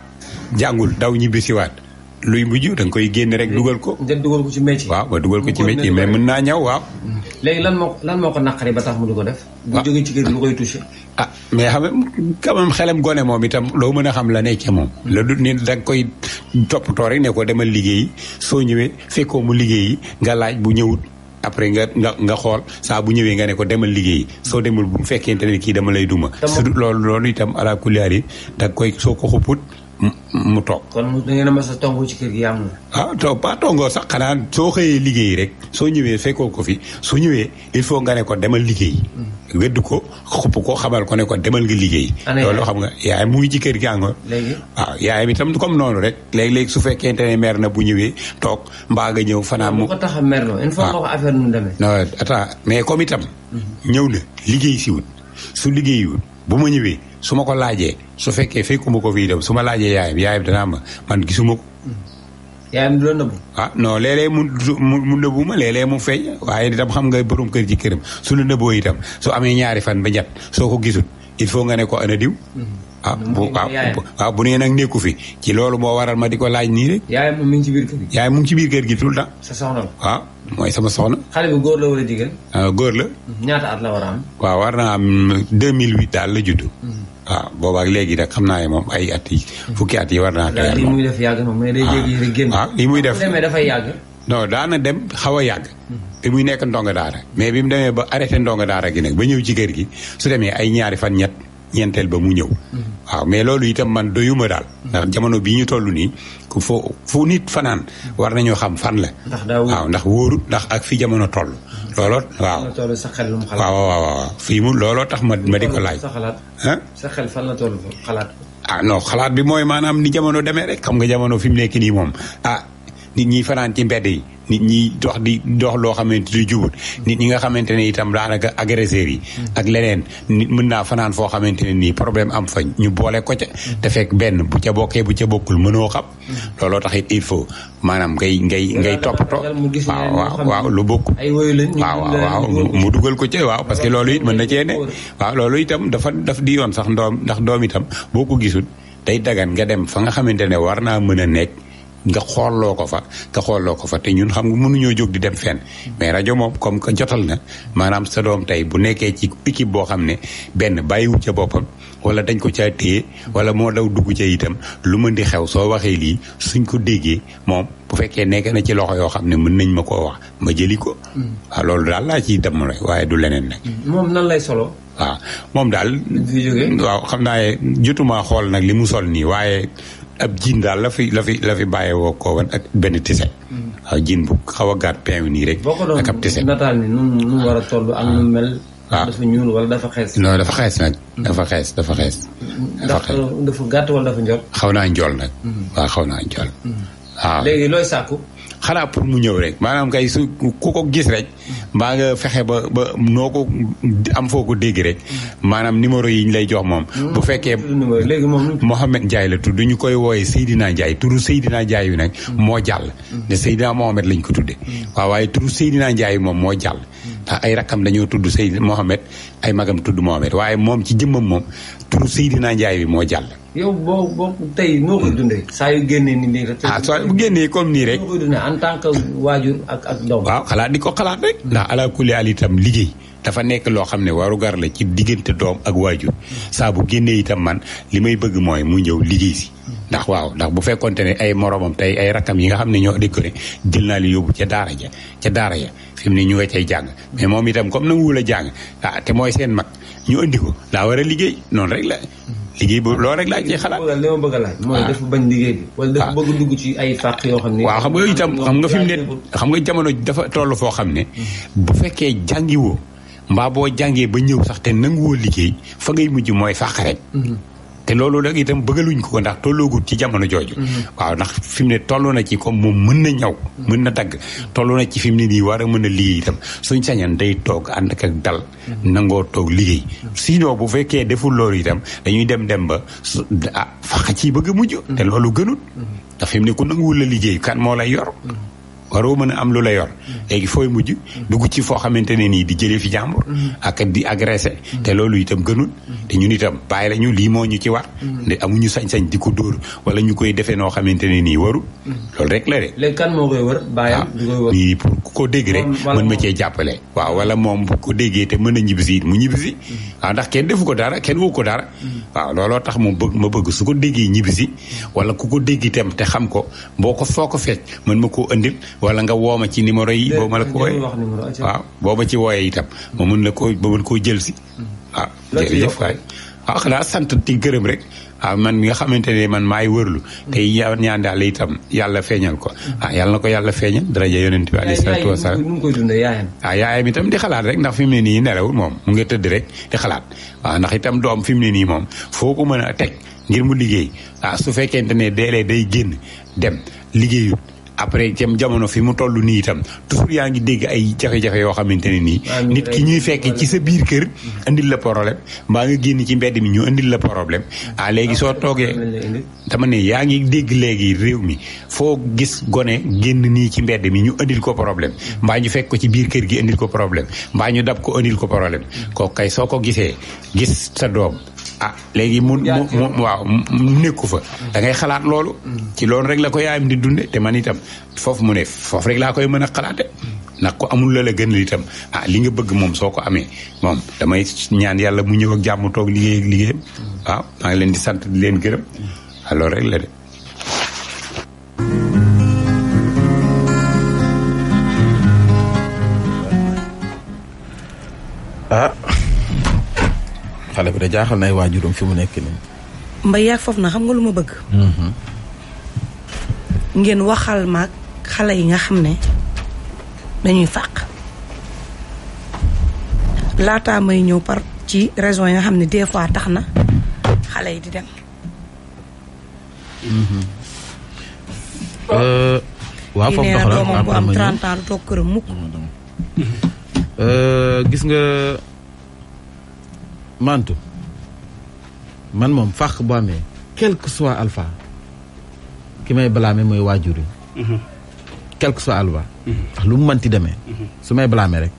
jàngul daw ñibbisiwaat luy mujj da nga koy génne rek dugal ko. dem dugal ko ci métier. waaw ba dugal ko ci métier mais mën naa ñaw waaw. Mm. léegi lan moo lan moo ko naqari ba tax mu du ko def. bu jógee ci kër koy touché. ah mais xam nga xelam gone moom itam loo mën a xam la nekkee moom. Mm. la du ni da koy toppatoo rek ne ko demal liggéeyi soo ñëwee fekkoo mu liggéeyi nga laaj bu ñëwut. après nga nga nga xool saa bu ñëwee nga ne ko demal liggéey soo demul bu fekkente ne kii dama lay duma. su loolu loolu itam alaakulli aar yi da koy soo ko xupput mu toog. kon da ngeen a mas a tongoo ci kër gi am na. ah to tongoo sax xanaa soo xëyee liggéey rek soo ñëwee fekkoo ko fi su ñëwee il faut nga ne ko demal liggéey. Mm. wedd ko xupp ko xamal ko ne ko demal nga liggéey. loolu xam nga yaay mu ngi ci kër gi àngoon. léegi waaw ah, yaay mi comme noonu rek léeg-léeg su fekkente ne meer na bu ñëwee toog mbaa nga ñëw fanaan mu. ko tax a mer il faut ko affaire nu demee. non mais comme itam. Mm-hmm. ñëw na liggéey si wut su liggéey wut bu ma ñëwee. su ma ko laajee su fekkee fekkuma ko fii dem su ma laajee yaayam yaayam danaa ma man gisuma ko. yaayam du la nëbbu. ah non léeg mu mu nëbbu mu feeñ waaye itam xam nga borom kër ji këram su la nëbboo itam soo amee ñaari fan ba ñett soo ko gisul il faut nga ne ko ana diw. Mm-hmm. ah bu waaw ah, ah, bu nee nag nekku fi ci loolu moo waral ma di ko laaj nii rek. yaay mu ngi ci biir kër gi. yaay mu ngi ci biir kër gi tout le temps. sa soxna waaw ah, mooy sama soxna. xale bi góor la wala góor la. ñaata at la war waaw war naa am 2008 daal la judd. waaw mhm. boobaak léegi nag xam naa ne moom ay at yi. Mhm. fukki at yi war naa. teel moom muy def yàgg moom mais day jéggi rek muy def demee dafay yàgg. non daana dem xaw a yàgg. Mhm. bi muy nekk ndongo daara. mais bi mu demee ba arrêté ndongo daara gi nag ba ñëw ci kër gi su demee ay ñaari fan ñett ñeenteel ba mu ñëw. waaw mais loolu itam man doyuma daal. ndax jamono bii ñu toll nii ku foo fu nit fanaan war nañoo xam fan la. waaw ndax wóoru ndax ak fi jamono toll. Mm-hmm. looloo waaw waaw waaw fii mu looloo tax ma ma di ko laaj. sa xel fan la toll xalaat. ah non xalaat bi mooy maanaam ni jamono demee rek xam nga jamono fi mu nekk nii moom ah, nit ñi fanaan ci mbedd yi nit ñi dox di dox loo xamante ni jubut nit ñi nga xamante ne itam daanaka agresseurs yi ak leneen nit mën naa fanaan foo xamante ne nii problème am fa ñu boole ko ca te fekk benn bu ca bokkee bu ca bokkul mënoo xam looloo tax it il faut maanaam ngay ngay ngay toppatoo waaw waaw lu bokk waaw waaw dugal ko ca waaw parce que loolu mën na cee ne waaw itam dafa daf di yoon sax ndoom ndax doom itam boo ko gisul tey dagan nga dem fa nga xamante ne war naa mën a nekk nga xoolloo ko fa nga xooloo ko fa te ñun xam nga mënuñoo jóg di dem fen mais rajo moom comme que jotal na maanaam sa doom tey bu nekkee ci équipe boo xam ne benn bàyyiwu ca boppam wala dañ ko ca téye wala moo daw dugg ca itam lu mën di xew soo waxee lii suñ ko déggee moom bu fekkee nekk na ci loxo yoo xam ne mën nañ ma koo wax ma jëli ko. waaw mm. ah, loolu daal laa ciy dem rek waaye du leneen nag. Mm. moom nan lay solo. waaw ah, moom daal. waaw xam naa jotuma xool nag li mu sol nii waaye. ab jiin daal la fi la fi la fi bàyyeewoo koo ak benn tiset. Mm. waaw jiin bu xaw a gàtt peewu nii rek. ak ab tiset boo nataal ni nu nu war a toll ak nu ah. mel. waaw ah. dafa ñuul wala dafa xees. non dafa xees nag. Mm. dafa xees dafa xees. Mm. dafa xees ndax dafa gàtt wala dafa njool. xaw naa njool nag. waaw xaw naa njool. waaw ah. xanaa pour mu ñëw rek maanaam kay su ku ko gis rek mbaa nga fexe ba ba noo ko am foo ko dégg rek maanaam numéro yi lay jox moom bu mm. fekkee léegi moom Mohamed Ndiaye la tudd ñu koy wooyee Seydina Ndiaye turu Seydina Ndiaye yu nag mm. moo jàll mm. ne Seydina Mohamed lañ ko tudde waaw waaye turu Seydina Ndiaye moom moo jàll ndax ay rakkam dañoo tudd Seydina Mohamed ay magam tudd Mohamed waaye moom ci jëmmam moom turu Seydina Ndiaye bi moo jàll. yow boo boo tey noo ko dundee. saa yu génnee nii rek. ah saa bu génnee comme nii rek. en tant que waajur ak ak doom. waaw xalaat di ko xalaat rek. ndax ala al itam liggéey. dafa nekk loo xam ne warugar la ci diggante doom ak waajur saa bu génnee itam man li may bëgg mooy mu ñëw liggéey si ndax waaw ndax bu fekkonte ne ay moromam tey ay rakkam yi nga xam ne ñoo décoré jël naa li yóbbu ca daara ja ca daara ja fi mu ne cay jàng mais moom itam comme nanguwul a jàng ah mooy seen mag ñu indi ko daa war a liggéey noonu rek la liggéey boobu loolu rek laa ciy xalaat li ma bëgg a laaj ah. dafa bañ liggéey wala dafa ah. bëgg dugg ci ay fàq xam ne waaw xam nga itam xam nga fi mu xam nga jamono dafa toll foo xam ne bu fekkee jàngiwoo mbaa boo jàngee ba ñëw sax te nanguwoo liggéey fa ngay mujj mooy fàq rek. Mhm. te loolu nag itam bëggaluñ ko ndax tolloogut ci jamono jooju. Mhm. waaw ndax fi mu ne toll na ci comme moom mën na ñaw. Mhm. mën na dagg toll na ci fi ne nii war a mën a liggéey itam suñ sañan day toog ànd ak dal. nangoo toog liggéey. sinon bu fekkee deful loolu itam dañuy dem dem ba su ah fax ciy bëgg mujj. te loolu gënut. ndax fi mu ne ku nanguwul la liggéey kan moo lay yor. waroo mën a am lu la mm-hmm. léegi fooy mujj mm-hmm. dugg ci foo xamante ne nii di jëlee fi jàmbur mm-hmm. ak di agressé te loolu itam gënul te ñun itam bàyyi la ñu lii moo ñu ci war nde amuñu sañ-sañ di ku dóor wala ñu koy defee noo xamante ne nii waru loolu rek la de léegi kan moo koy war bàyyam ah, du koy war nii pour ku ko dégg rek mën ma cee jàppale waaw wala moom bu ko déggee te mën a ñibbisi mu ñibbisi waaw ah, ndax kenn defu ko dara kenn wu ko dara waaw looloo tax mu bëgg ma bëgg su ko déggee ñibbisi wala ku ko te xam ko boo ko foo ko fekk mën ma koo indil wala nga wooma ci numéro yi boo ma la ko wooyee waaw boo ma ci wooyee itam ma mën la ko ba mën koo jël si mm-hmm. waaw jërëjëf sant di gërëm rek ah man mi nga xamante ne man maay wërlu mm-hmm. tey ñaan daal itam yàlla feeñal ko ah yàlla na ko yàlla feeñal daraja yonent bi alayhi salaatu wa salaam ah yaayam itam di xalaat rek ndax fi mu ne nii nelawul moom mu nga tëdd rek di xalaat waaw ndax itam doom fi mu ne nii moom foo ko mën a teg ngir mu liggéey ah su fekkente ne deelee day génn dem liggéeyut après jëm jamono fi mu toll nii itam toujours yaa ngi dégg ay jafe-jafe yoo xamante ne nii. nit ki ñuy fekk ci sa biir kër. indil mhm. la problème mbaa nga génn ci mbedd mi ñu indil la problème ah, léegi soo toogee. dama yaa ngi dégg léegi réew mi foo gis gone génn nii ci mbedd mi ñu indil ko problème mbaa ñu fekk ko ci biir kër gi indil ko problème mbaa ñu dab ko indil ko problème mhm. kooku kay soo ko gisee gis sa doom. a ah, léegi mu waaw mu nekku fa da ngay xalaat loolu ci loolu rek la ko yaayam di dunde te man itam foofu mu ne foofu rek laa koy mën a xalaate ndax ko amul la la gën itam ah, li nga bëgg moom soo ko amee moom damay ñaan yàlla mu ñëw ak jàmm toog liggéey waaw maa ngi leen di sant di leen gërëm alors ah, rek la de xale bi da jaaxal na ay waajuram fi mu nekk nii. mbay yaa foofu na xam nga lu ma bëgg. Mhm. ngeen waxal maag xale yi nga xam ne dañuy fàq. laataa may ñëw par ci raison yi nga xam ne des fois tax na xale yi di dem. Mhm. Euh, waaw foofu tax na doomam bu am mukk. Euh, gis nga. mantu man moom fàq bu amee quel que soit ki may blâmer mooy waajur yi mhm. quel que soit alpha mhm. lu mu mënti demee mhm. su may blâmer rek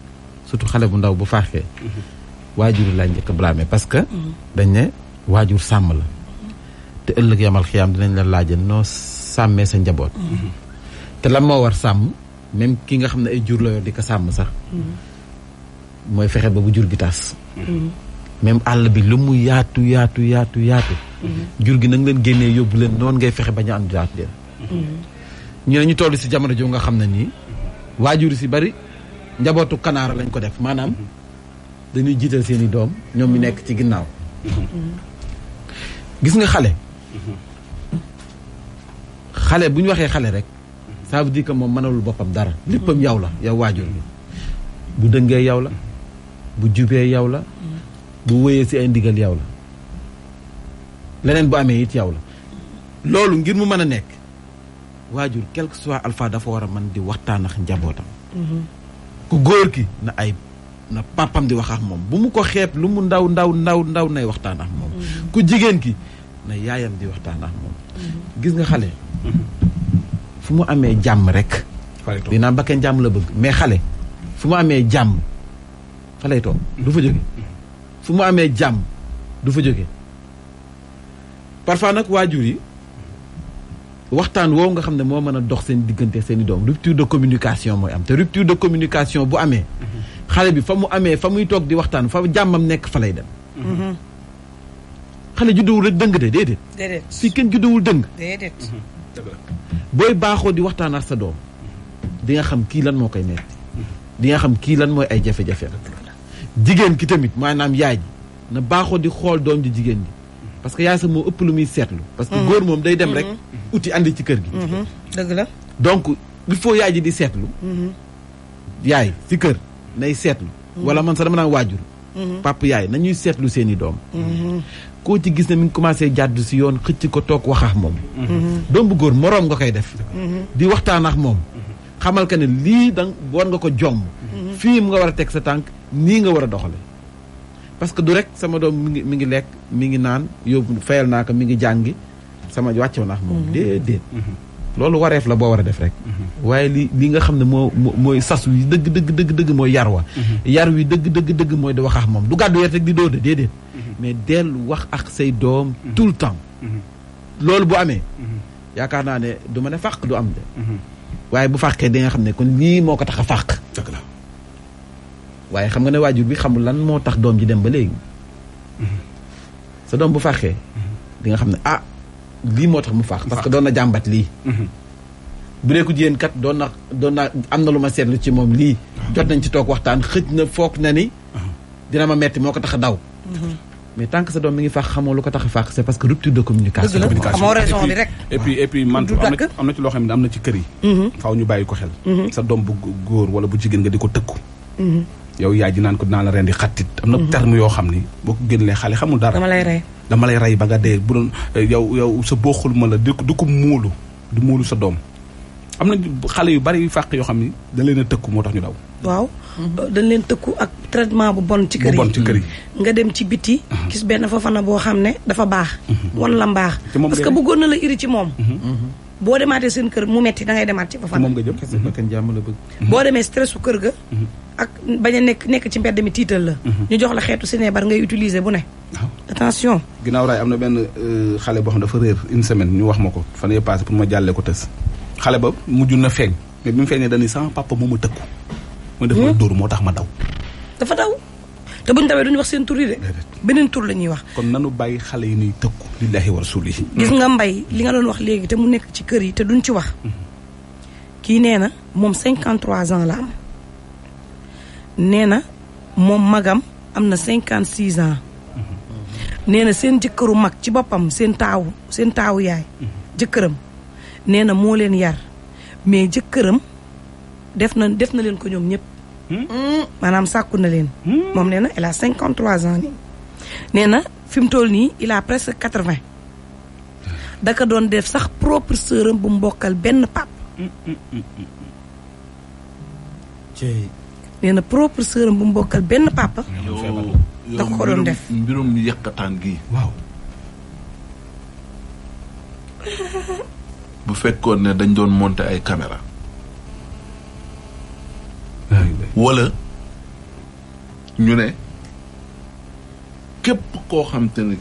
surtout xale bu ndaw bu faaxee waajur yi laa njëkk a blâmer parce que dañ ne waajur sàmm la te ëllëg yamal xiyaam dinañ la laaje noo sàmmee sa njaboot te lan moo war sàmm même ki nga xam ne ay jur la di ko sàmm sax mooy fexe ba bu jur gi même àll bi lu mu yaatu yaatu yaatu yaatu. Mhm. jur gi na leen génnee yóbbu leen noonu ngay fexe ba ñu ànd yaatu leen. Mhm. ñu ne ñu toll si jamono joo nga xam ne nii waajur si bari njabootu kanaara lañ ko def maanaam dañuy jiital seeni doom ñoom ñu nekk ci ginnaaw. Mhm. gis nga xale. xale bu ñu waxee xale rek ça veut dire que moom mënalul boppam dara léppam yow la yow waajur yi bu dëngee yow la bu jubee yow la. bu wéyee si ay ndigal yow la leneen bu amee it yow la loolu ngir mu mën a nekk waajur quel que soit dafa war a mën di waxtaan ak njabootam. Mhm. ku góor ki na ay na papam di wax moom bu mu ko xeeb lu mu ndaw ndaw ndaw ndaw nay waxtaan ak moom. Mhm. ku jigéen ki na yaayam di waxtaan ak moom. Mhm. gis nga xale. fu mu amee jàmm rek. dinaa bakkee jàmm la bëgg mais xale fu mu amee jàmm fa lay toog du fa jóge fu mu amee jàmm du fa jóge parfois nag waajur yi waxtaan woowu nga xam ne moo mën a dox seen diggante seen i doom rupture de communication mooy am te rupture de communication bu amee xale bi fa mu amee fa muy toog di waxtaan fa jàmmam nekk fa lay dem mm-hmm. xale juddowul rek dëng de déedéet fii kenn juddowul dëng mm-hmm. booy baaxoo di waxtaan ak sa doom di nga xam kii lan moo koy nekk di nga xam kii lan mooy ay jafe-jafe jigéen ki tamit maanaam yaay ji na baaxoo di xool doom ji jigéen bi parce que yaay sa moo ëpp lu muy seetlu. parce que mm-hmm. góor moom day dem rek mm-hmm. uti andi ci kër gi. Mm-hmm. dëgg la donc il faut yaay ji di seetlu. yaay ci kër nay seetlu. wala man sax dama naan waajur. papa yaay nañuy seetlu seen i doom. koo ci gis ne mi ngi commencé jàddu si yoon xëcc ko toog wax ak moom. doom góor moroom nga koy def. di waxtaan ak moom. xamal que ne lii dang war nga ko jomm mhm. fii mu nga war a teg sa tànk nii nga war a doxale parce que du rek sama doom mi ngi mi ngi lekk mi ngi naan yóbbu fayal naa ko mi ngi jàngi sama wàccew naax moom mhm. déedéet mhm. loolu wareef la boo war a def rek waaye li li nga xam ne moo mooy sas wi dëgg dëgg dëgg dëgg mooy yar wa yar wi dëgg dëgg dëgg mooy di wax ak moom du gàddu yar rek di doo de déedéet mais dellu wax ak say doom tout le temps loolu bu amee yaakaar naa ne du ma ne fàq du am waaye bu fàqee di nga xam ne kon lii moo ko tax a fàq waaye xam nga ne waajur bi xamul lan moo tax doom ji dem ba léegi mm-hmm. sa doom bu fàqee mm-hmm. di nga xam ne ah lii moo tax mu fàq parce que doon na jàmbat lii mm-hmm. bu dee ko jigéen kat doon na doon na am na lu ma seetlu ci moom lii ah. jot nañ ci toog waxtaan xëj na foog na ni ah. dina ma metti moo ko tax a daw mais tant que sa doom mi ngi faax xamoo lu ko tax a faax c'est parce que rupture de communication. communication amoo raison bi rek. et puis et puis man am na ci loo xam ne am na ci kër yi. Mm-hmm. faaw ñu bàyyi ko xel. Mm-hmm. sa doom bu góor wala bu jigéen nga di ko tëkku. Mm-hmm. yow yaay ji naan ko dinaa la rendi xattit. am na terme yoo xam ni boo ko génnee xale xamul dara. dama lay rey dama lay rey ba nga dee bu doon eh, yow yow sa bokkul ma la di ko di ko muulu di muulu sa doom. am na xale yu bari yu fàq yoo xam ni da leen a tëkku moo tax ñu daw. waaw Euh, dañ leen tëkku ak traitement bu bon ci kër yi nga dem ci bitti uh-huh. gis benn Fofana boo xam ne dafa baax uh-huh. wan la mbaax parce que bëggoon na la iri ci moom uh-huh. boo demaatee seen kër mu metti dangay demaat ci Fofana moom nga jëm bakkan jàmm la bëgg boo demee stress su kër ga ak bañ a nekk nekk ci mbedd mi tiital la ñu jox la xeetu Sénébar ngay utiliser bu ne attention ginnaaw raay am na benn euh, xale boo xam dafa réer une semaine ñu wax ma ko fan yee passé pour ma jàllee ko tes xale ba mu na feeñ mais bi mu feeñee dañuy sama papa moo ma tëkku ma hmm? def la moo tax ma daw. dafa daw te buñ dawee duñu wax seen tur yi de. beneen tur la ñuy wax. kon nanu bàyyi xale yi ñuy tëkku. lillahi wa rasuli gis nga mbay li nga doon wax léegi te mu nekk ci kër yi te duñ ci wax. kii nee na moom 53 ans la am nee na moom magam am na 56 ans. nee na seen jëkkëru mag ci boppam seen taawu seen taawu yaay. jëkkëram nee na moo leen yar mais jëkkëram def na def na leen ko ñoom ñëpp. maanaam sàkku na leen. Hmm. moom nee na il a 53 nee na fi mu toll nii il presque presque 80. Hmm. daka doon def sax propre sœuram bu mbokkal benn pap hmm, nee na propre sœuram bu mbokkal benn papa. da ko doon def mbirum yëkkataan gi waaw. bu fekkoon ne dañ doon monter ay caméra wala ñu ne képp koo xam te ne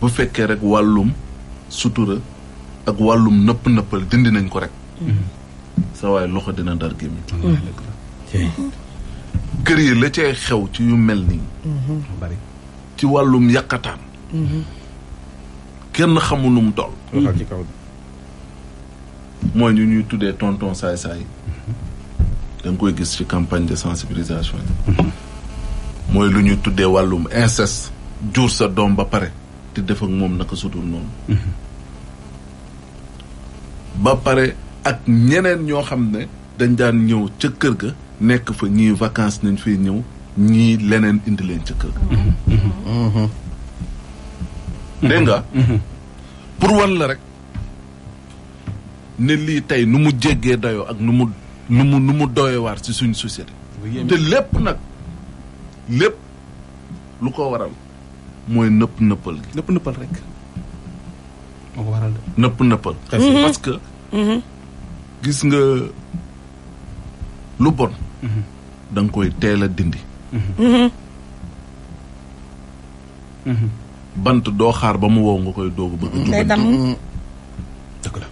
bu fekkee rek wàllum sutura ak wàllum nëpp nëppal dindi nañ ko rek. Mm-hmm. sawaay loxo dina dar gémmiñ. Mm-hmm. Mm-hmm. kër yi la cay xew ci yu mel nii. bari ci wàllum yàqataan. kenn xamul nu mu toll. mooy ñu ñuy tuddee tonton saay saay. da nga koy gis ci campagne de sensibilisation mooy lu ñu tuddee wàllum inceste jur sa doom ba pare te def ak moom naka sudul noonu ba pare ak ñeneen ñoo xam ne dañ daan ñëw ca kër ga nekk fa ñii vacances nañ fay ñëw ñii leneen indi leen ca kër ga dégg nga pour wan la rek ne lii tey nu mu jéggee dayoo ak nu mu nu mu nu mu doyewaar ci suñ société te lépp nag lépp lu ko waral mooy nëpp nëppal gi nëpp nëppal rek moo ko waral de nëpp nëppal parce que mm-hmm. gis nga lu bon mm-hmm. da nga koy teel dindi mm-hmm. bant doo xaar ba mu wow nga koy doogu bëgg a jubbanti dëgg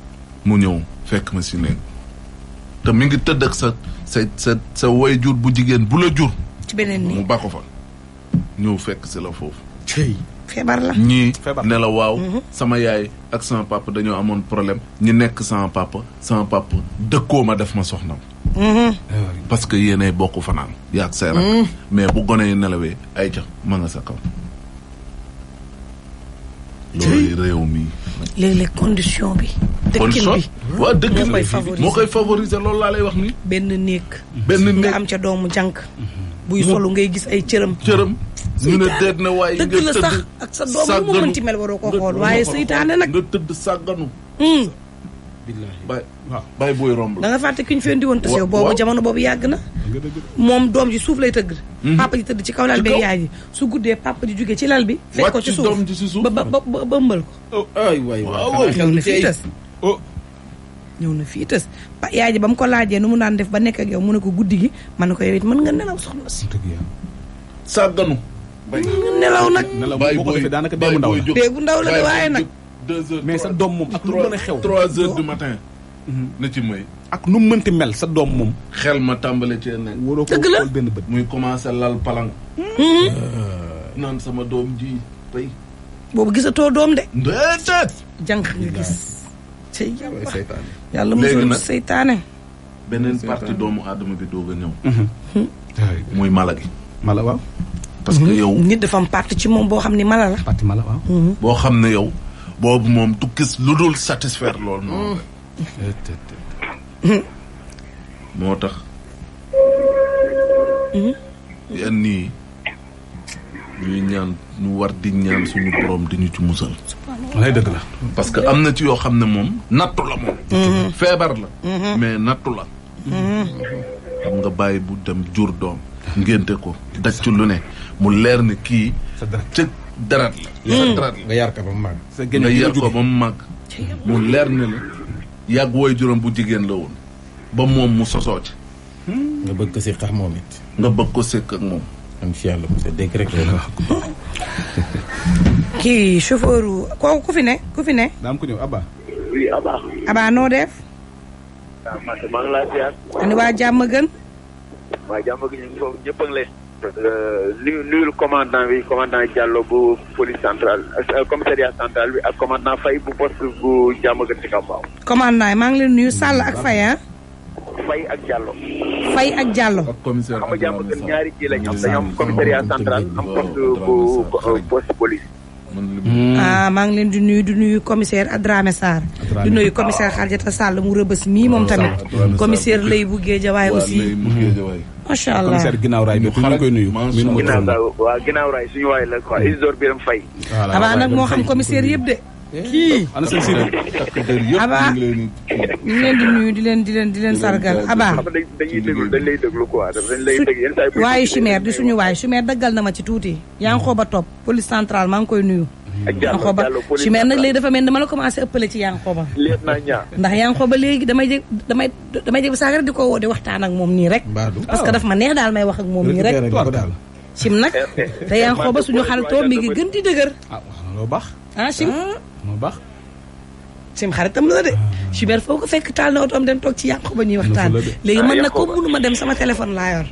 mu ñëw fekk ma si nekk te mi ngi tëdd ak sa sa sa sa jur bu jigéen bu la jur. ci beneen nii mu bako fa ñëw fekk si la foofu. feebar la ñii ne la waaw. Mhm. sama yaay ak sama papa dañoo amoon problème. ñi nekk sama papa sama papa dëkkoo ma def ma soxnam. Mhm. parce que yéenay bokk fanaan. yaa ak say rakk mhm. mais bu gone yi nelawee ay ca ma nga sa kaw. loolu bi. dëkkin bi waaw dëkkin bi moo koy favoriser loolu laa lay wax ni benn néeg benn néeg nga am ca doomu jànk buy solu ngay gis ay cëram cëram ñu ne deet na waaye dëgg la sax ak sa doom lu ci mënti mel waroo ko xool waaye seytaane nag nga tëdd sàgganu bay hmm. bay booy romb la da nga fàtte ki ñu feen di woon tasew boobu jamono boobu yàgg na moom doom ji suuf lay tëgg hmm. papa ji tëdd ci kaw lal bi yaay ji su guddee papa ji jóge ci lal bi fekk ko ci suuf ba ba ba ëmbal ko oh, ay waay waay xew na fii tas o oh. ñëw na fii tës ba yaay ba mu ko laajee nu mu naan def ba nekk ak yow mu ne ko guddi gi man ne ko yow it nga nelaw soxna si. sa ganu. bay nelaw nag. nelaw boo ko defee daanaka dee bu ndaw la dee bu ndaw la de waaye nag. mais sa doom moom a xew. trois heures du matin. Mhm. na ci ak nu mu mënti mel sa doom moom. xel ma tàmbale cee nekk. waroo ko xool benn bët. muy commencé lal palang. Mhm. Euh, naan sama doom ji bay. boobu gisatoo doom de. déedéet. jànq nga gis. ci yàlla yàlla musul seytaane beneen partie doomu aadama bi doog muy mhm. hmm? mala gi mala waaw parce que hmm? yow nit dafa am partie ci moom boo xam ni mala la mala waaw hmm. boo xam ne yow boobu moom du gis lu dul satisfaire loolu moom moo tax yan nii ñuy ñaan ñu war di ñaan suñu borom di ñu ci musal lay dëgg la. parce que am na ci yoo xam ne moom nattu la moom. Mhm. feebar la. Mhm. mais nattu la. Mhm. xam nga bàyyi bu dem jur doom. ngénte ko daj lu ne mu leer ne kii. sa dara la. nga yar ko ba mu màgg. mu leer ne la yàgg wooy juróom bu jigéen la woon. ba moom mu sosoo ci. nga bëgg ko séq ak moom it. nga bëgg ko séq ak moom. am kii chauffeur kooku ku fi ne ku fi ne. naam ku ñëw Abba. oui Abba. Abba noo waa jàmm gën. waa jàmm gën ñu foofu ñëpp lu commandant bi commandant Diallo bu police centrale euh, commissariat central bi ak commandant Faye bu poste bu jàmm gën ci Kambaaw. commandant yi maa ngi leen nuyu Sall ak Faye ah. ak jàllo Faye ak Diallo. ak commissaire xam ñaari kii lañ am dañoo am commissariat central am poste bu poste police. Hmm. ah maa ngi leen di nuyu du nuyu commissaire Adrame Sarr di nuyu commissaire Khadjata Sall mu rëbës mii moom tamit commissaire lay bu Géejawaay aussi hmm. macha allah commissaire ginnaaw raay bi ñu ngi koy nuyu ginnaaw waaw ginnaaw raay suñu waay la quoi hmm. Isidore Birame Faye amaa nag moo xam commissaire yëpp de Eh, kii ana seen si abaa ñu leen di nuyu di leen di leen di leen sargal abaa waaye chimère di suñu waaye chimère daggal na ma ci tuuti yaa ngi xooba topp police centrale maa ngi koy nuyu yaa ngi xooba chimère nag léegi dafa mel ni dama la commencé ëppale ci yaa ngi xooba ndax yaa ngi xooba léegi damay jég damay damay jég ba saa di ko woo waxtaan ak moom nii rek parce que daf ma neex daal may wax ak moom nii rek cim nag eh, eh. te yaa ngi xooba suñu xaritoo mi ngi gën di dëgër ah, baax ah sim ah. moo baax sim xaritam la de ah. Chimère foo ko fekk taal na otoom dem toog ci yànq ba ñuy waxtaan léegi man nag comme ma dem sama téléphone laa yor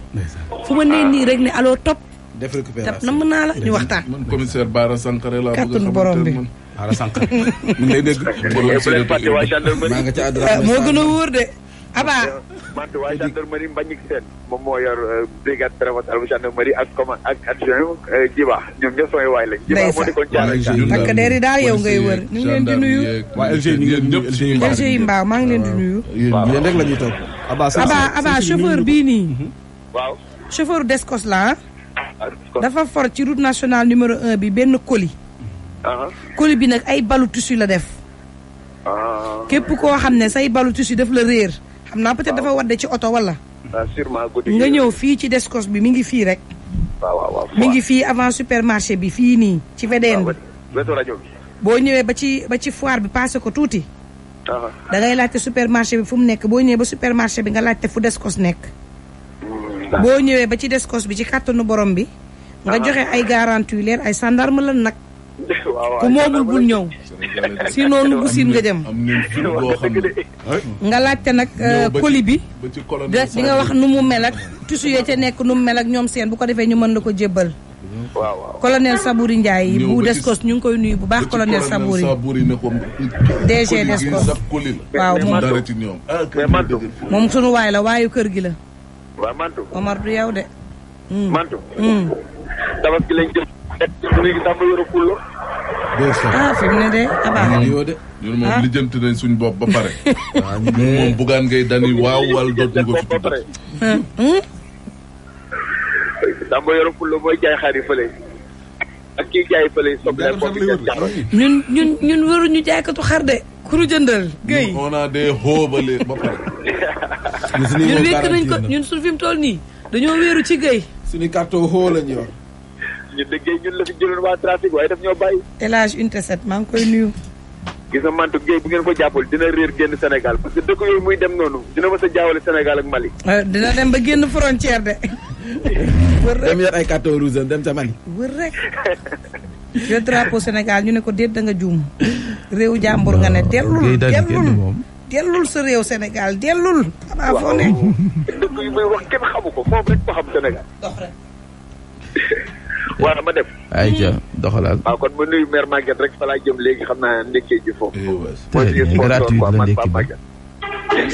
fu ma nee ah. nii rek ne allo top def récupération nam naa la ñu waxtaan man commissaire Bara Sankaré laa bëgg a borom bi Bara Sankaré mu ngi lay dégg moo gën a wóor de abaa man waa gendarmerie Mbagnick Sène moo yor euh, brigade travatal bu gendarmerie ak commande ak adjoint euh, Jiba takk der daal yow ngay wër. ñu ngi leen di nuyu waa LG ñu ngi leen di nuyu mbaaw maa ngi leen di nuyu. yéen rek chauffeur bii nii. waaw chauffeur Descos la ah. Ah, dafa for ci route national numéro un bi benn colis. Uh-huh. colis bi nag ay balu tissu la def. Ah. képp koo xam ne say balu tissu daf la réer. xam naa peut-être dafa wadde ci oto wala. Ah, nga ñëw fii ci descos bi mu ngi fii rek. mu ngi fii avant supermarché bi fii nii ci VDN bi. boo ñëwee ba ci ba ci foire bi passé ko tuuti. Ah. da ngay laajte supermarché bi fu mu nekk boo ñëwee ba supermarché bi nga laajte fu descos nekk. Hmm. boo ñëwee ba ci descos bi ci kàttanu borom bi. nga ah. joxe ay garanti yu ay gendarme lan nag. ku moomul bul ñëw si noonu bu siin nga jëm nga laajte nag euh, colis bi da bi nga wax nu mu mel ak tissu yee ca nekk nu mu mel ñoom seen bu ko defee ñu mën na ko jébbal waaw colonel Sabouri Ndiaye bu Descos ñu ngi koy nuyu bu baax colonel Sabouri DG Descos waaw ah, ah, moom sunu waay la waayu kër gi la Omar du yow de hmm. léegi sax ma yor a kulla. ah fi mu ne de abaa. Ah, yow de ñun moom ah. lijjanti nañ suñ bopp ba pare. waaw ñun moom bugaan ngay dani waaw wala dootuñu ko fi tuddee. sax ma yor a kulla mooy jaay xaar yi fële. ak kii jaay fële soble ñun ñun ñun waruñu jaaykatu xar de. kuru jëndal. Guèye on a des xóobale ba pare. ñun wékk nañ ko ñun suñ fi mu toll nii dañoo wéeru ci Guèye. suñu carton xoo la ñuy wax. ñu dëggee ko jàppal dina réer génn Sénégal parce que dëkk yooyu muy dem noonu dina mës euh, ba génn frontière de. wër rek dem yor ay carton rouge dem sa Mali. wër rek. le drapeau Sénégal ñu ne ko déet da nga juum. réew jàmbur nga ne dellul dellul dellul sa réew Sénégal dellul. xanaa foo ne. dëkk yu muy wax kenn xamu ko foofu rek ko xam Sénégal. waaw dama def. ayca doxalaal. waaw kon ma nuyu mère Maguette rek fa laa jëm léegi xam naa ndekkee ji foofu. Eh,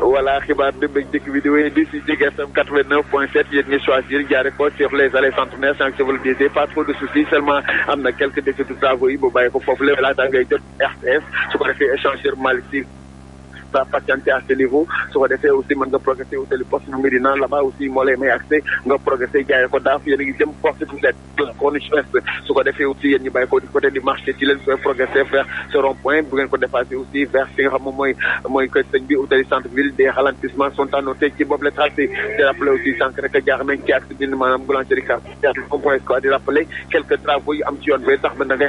voilà xibaar dëmbeeg dëkk bi di wéy di si Zik FM 89.7 yéen ñi choisir jaare ko sur les allées centenaires sans que je vous le dise de soucis seulement am na quelques défis de travaux yi bu bàyyi ko foofu la laata ngay jot RTS su ko defee échangeur Malick sa patienter à ce niveau su ko defee aussi mën nga progressé utali poste nu Médina là-bas aussi may accès nga progressé jaayee ko daaf yéen a ngi jëm poste bu nekk la corniche est su ko defee aussi yéen ñu bàyyi ko du côté du marché ci leen sooy progressé vers ce point bu ngeen ko dépassé aussi vers fi nga xam moom mooy mooy kër la tracé di rappelé aussi sànq rek jaar nañ ci accès bind maanaam boulangerie point Escale di rappelé quelques travaux am ci yoon bi da ngay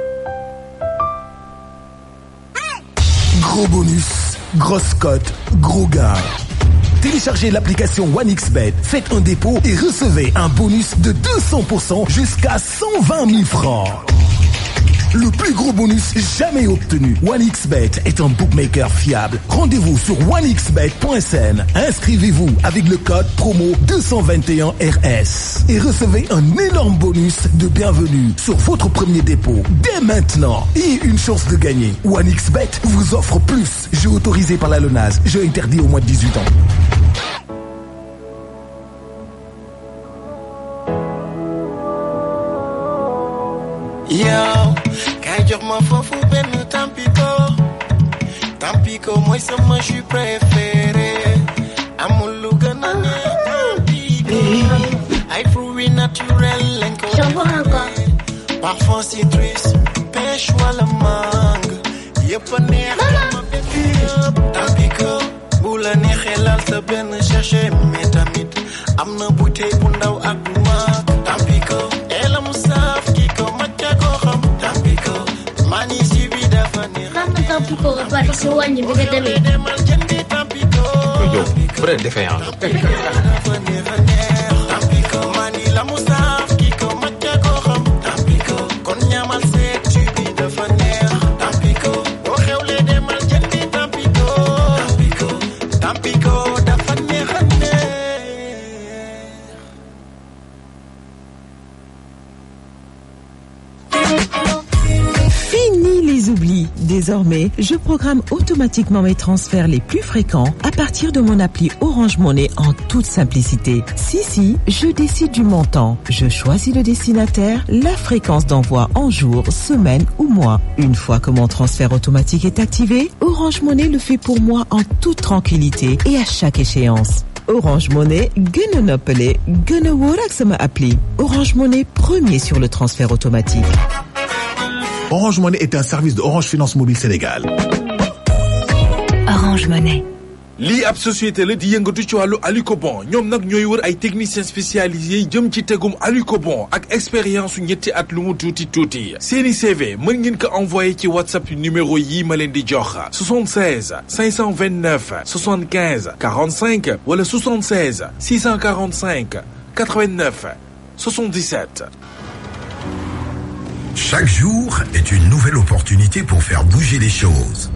Gros bonus, grosse cote, gros gars. Téléchargez l'application OneXBet, faites un dépôt et recevez un bonus de jusqu'à francs. le plus gros bonus jamais obtenu. OneXBet est un bookmaker fiable. Rendez-vous sur onexbet.sn. Inscrivez-vous avec le code promo rs et recevez un énorme bonus de bienvenue sur votre premier dépôt dès maintenant et une chance de gagner. OneXBet vous offre plus. Jeu autorisé par la LONAS. Jeu interdit au moins de 18 ans. yow kay jox ma foofu benn tampiko tampiko mooy sama jus préféré amul lu gën a neex tampiko ay fruits naturels lañ ko parfum citrus wala mangue yëpp a neex ma bébi tampiko bu la neexee laal sa benn sachet mais am na bouteille bu ndaw ki kooku pare parce que wàññi bi nga demee. yow vrai défaillant la. je programme automatiquement mes transferts les plus fréquents à partir de mon appli Orange Monnaie en toute simplicité. Si, si, je décide du montant. Je choisis le destinataire, la fréquence d'envoi en jour, semaine ou mois. Une fois que mon transfert automatique est activé, Orange Monnaie le fait pour moi en toute tranquillité et à chaque échéance. Orange Monnaie gën a gën a wóor sama appli Orange Monnaie premier sur le transfert automatique Orange Money est un service de Orange Finance Mobile Sénégal. Orange Money. lii ab société le di yëngatu ci wàllu alucobon ñoom nag ñooy wër ay techniciens spécialisés jëm ci tegum alucobon ak expérience su ñetti at lu mu tuuti tuuti seeni CV mën ngeen ko envoyé ci whatsapp numéro yi ma leen di jox 76 529 75 45 wala 76 645 89 77. Chaque jour est une nouvelle opportunité pour faire bouger les choses.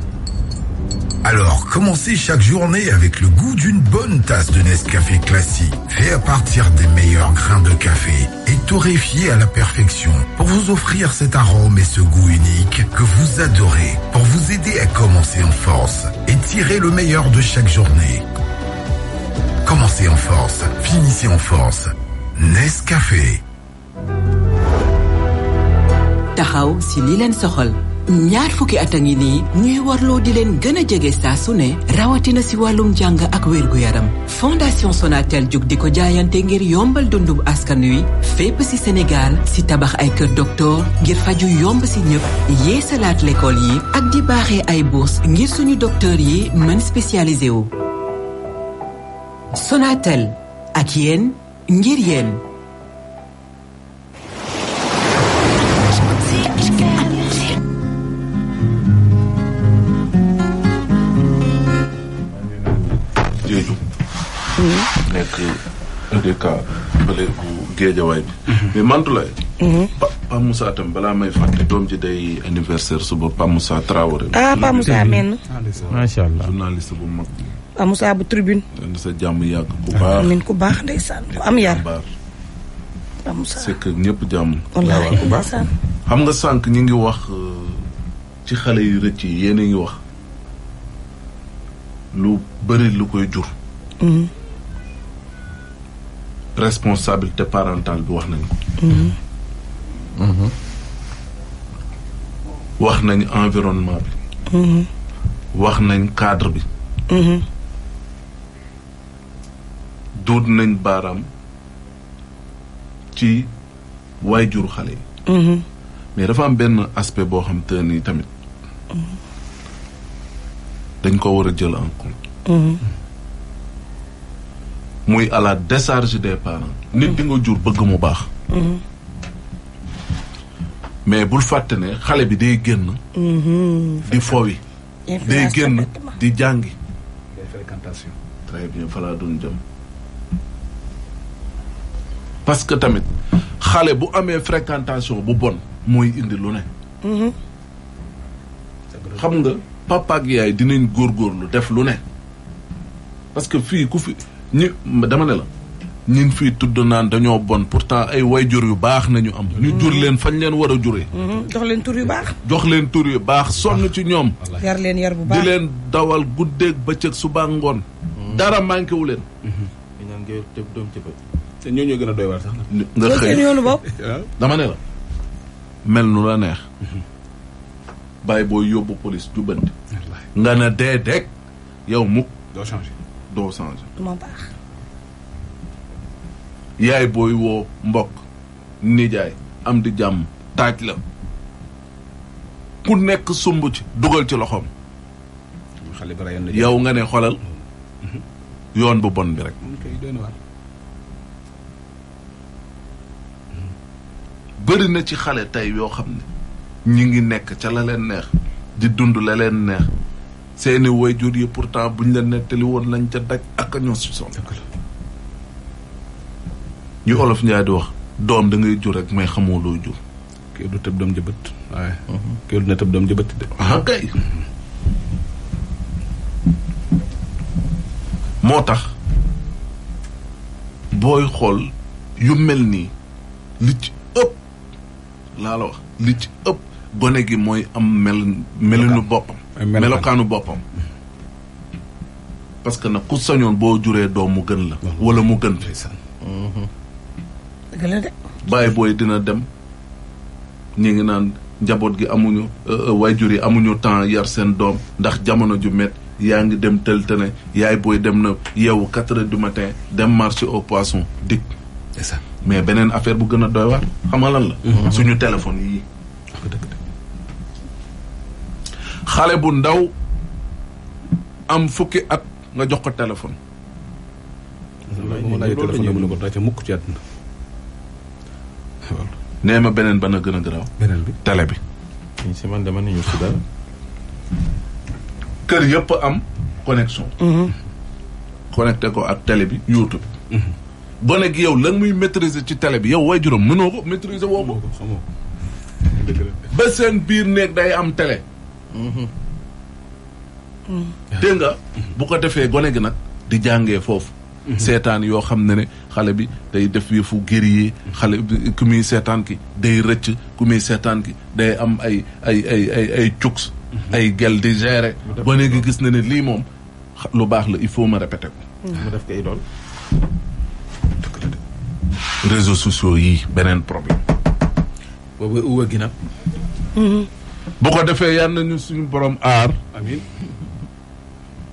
Alors, commencez chaque journée avec le goût d'une bonne tasse de Nescafé classique, fait à partir des meilleurs grains de café et torréfié à la perfection pour vous offrir cet arôme et ce goût unique que vous adorez, pour vous aider à commencer en force et tirer le meilleur de chaque journée. Commencez en force, finissez en force. Nescafé. taxaw si li leen soxal ñaar fukki at a ngi nii ñuy warloo di leen gën a jege saa ne rawatina ci wàllum jàng ak wér yaram fondation Sonatel jóg di ko jaayante ngir yombal dundub askan wi fépp ci Sénégal si tabax ay kër docteur ngir faju yomb si ñëpp yeesalaat l'école yi ak di baaxee ay bourse ngir suñu docteur yi mën spécialisé wu Sonatel ak yéen ngir yéen nekk EDK bële bu géejawaay bi mhm. mais Mantoulaye mhm. Pa Pa balaa may fàtte doom ji day anniversaire suba Pa Moussa Traoré ah Pa menn journaliste bu mag Pa Moussa bu tribune sa jàmm yàgg bu ah, baax min ku ku am yar Pa Moussa c'est jàmm xam nga sànq ñu ngi wax euh, ci xale yu rëcc yi yéen a ngi wax lu bëri lu koy jur mhm. responsabilité parentale bi wax nañ ko mm-hmm. Mm-hmm. wax nañ environnement bi mm-hmm. wax nañ cadre bi duut nañ baaraam ci waay waajur xale yi mais dafa am benn aspect boo xam te ni tamit dañ ko war a jël en muy à la décharge des parents. nit di nga jur bëgg mu baax. Mhm. mais bul fàtte ne xale bi day génn. Mhm. di fowi. day génn di jàngi. fréquentation. très bien fa parce que tamit xale bu amee fréquentation bu bon mooy indi lu ne. Mhm. xam nga papa ak yaay dinañ góorgóorlu def lu ne. parce que fii ku fi ñu dama ne la ñun fi tudd naan dañoo bon pourtant ay way jur yu baax nañu am. ñu jur leen fañ leen war a juree. Mm-hmm. jox leen tur yu baax. jox leen tur yu baax sonn ci ñoom. yar leen yar bu baax leen dawal guddeeg bëccëg suba ngoon. Mm-hmm. dara manqué wu leen. Mm-hmm. dañu doom ci te ñoo ñoo gën a doy waar sax. dama ne la. mel nu la neex. bàyyi boo yóbbu police jubanti. nga ne dee deg yow mukk doo changé. du yaay booy woo mbokk nijaay am di jàmm taaj la ku nekk sumb ci dugal ci loxoom. yow nga ne xolal mhm. yoon bu bon bi rek. bëri na ci xale tey yoo xam ne ñi ngi nekk ca la leen neex di dund la leen neex. seeni woy wayjur yi pourtant buñ la nettali woon lañ ca daj ak ñoo si sonn ñu olof njaay di wax doom da ngay jur rek may xamoo loo jur kii du tëb doom jëbët waaye mhm. kii du ne tëb doom jëbët de ah, kay moo tax booy xool yu mel nii li ci ëpp laa la wax li ci ëpp gone gi mooy am mel melinu boppam melokaanu boppam parce que nag ku sañoon boo juree doom mu gën la wala mu gën mhm. bàyyi booy dina dem ñu ngi naan njaboot gi amuñu euh, euh, jur yi amuñu temps yar seen doom ndax jamono ju met yaa ngi dem tëltëne yaay booy dem na yeewu quatre heures du matin dem marché au poison dikk mais beneen affaire bu gën a doy waar xam nga lan la mhm. suñu téléphone yii xale bu ndaw am fukki at nga jox ko téléphone. mukk ci at nee ma beneen ba na gën a garaaw. beneen bi télé bi. si man dama ñu si kër yëpp am connexion. Mhm. connecté ko ak tele bi YouTube. gone mhm. gi yow lan muy maîtriser ci tele bi yow way juróom mënoo ko maîtriser woo ba seen biir néeg day am tele Mm-hmm. dégg nga bu ko defee gone gi nag di jànge foofu mm-hmm. seetaan yoo xam ne ne xale bi day def yëfu guerrier xale ku muy seetaan ki day rëcc ku muy seetaan ki day am ay ay ay ay ay cuks mm-hmm. ay gel di gérer ba léegi gis na ne lii moom lu baax la il faut ma répété ko mu def kay sociaux yi beneen problème bu ko defee yal nañu suñu boroom aar. amiin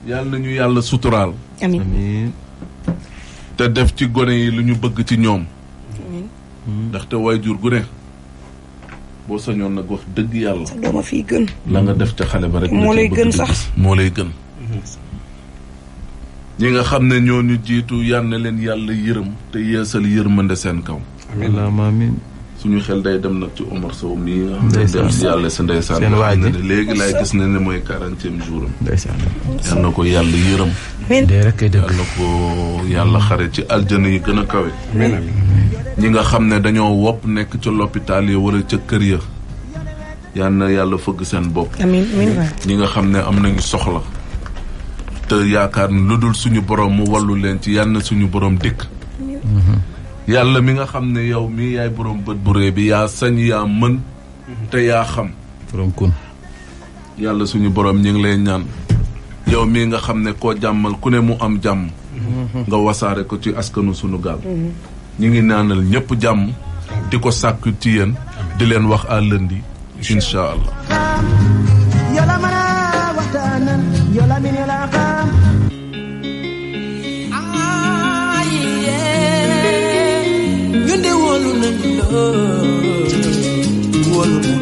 yal nañu yàlla suturaal. amiin te def ci gone yi lu ñu bëgg ci ñoom. ndaxte waajur gu ne boo sañoon nag wax dëgg yàlla. sa doom la nga def ca xale ba rek. moo lay gën sax moo lay gën. ñi nga xam ne ñoo ñu jiitu yal na leen yàlla yërëm te yeesal yërmande seen kaw. ñu xel day dem nag ci Omar Sow mii nga xam ne dem si yàlla sa léegi laay gis ne ne mooy quarantième jour am yal na ko yàlla yërëm yal na ko yàlla xare ci aljana yi gën a kawe nga xam ne dañoo wopp nekk ca l'hôpital yi wala ca kër ya yal na yàlla fëgg seen bopp ñi nga xam ne am nañu soxla te yaakaar ne lu dul suñu borom mu wallu leen ci yal suñu boroom dikk yàlla mi nga xam ne yow mii yaay boroom bët bu rëy bi yaa sañ yaa mën te yaa xam yàlla suñu boroom ñu ngi lay ñaan yow mii nga xam ne koo jàmmal ku ne mu am jàmm nga wasaare ko ci askanu suñu gaal ñu ngi naanal ñëpp jàmm di ko sàkku ci yéen di leen wax à lundi incha allah wóolu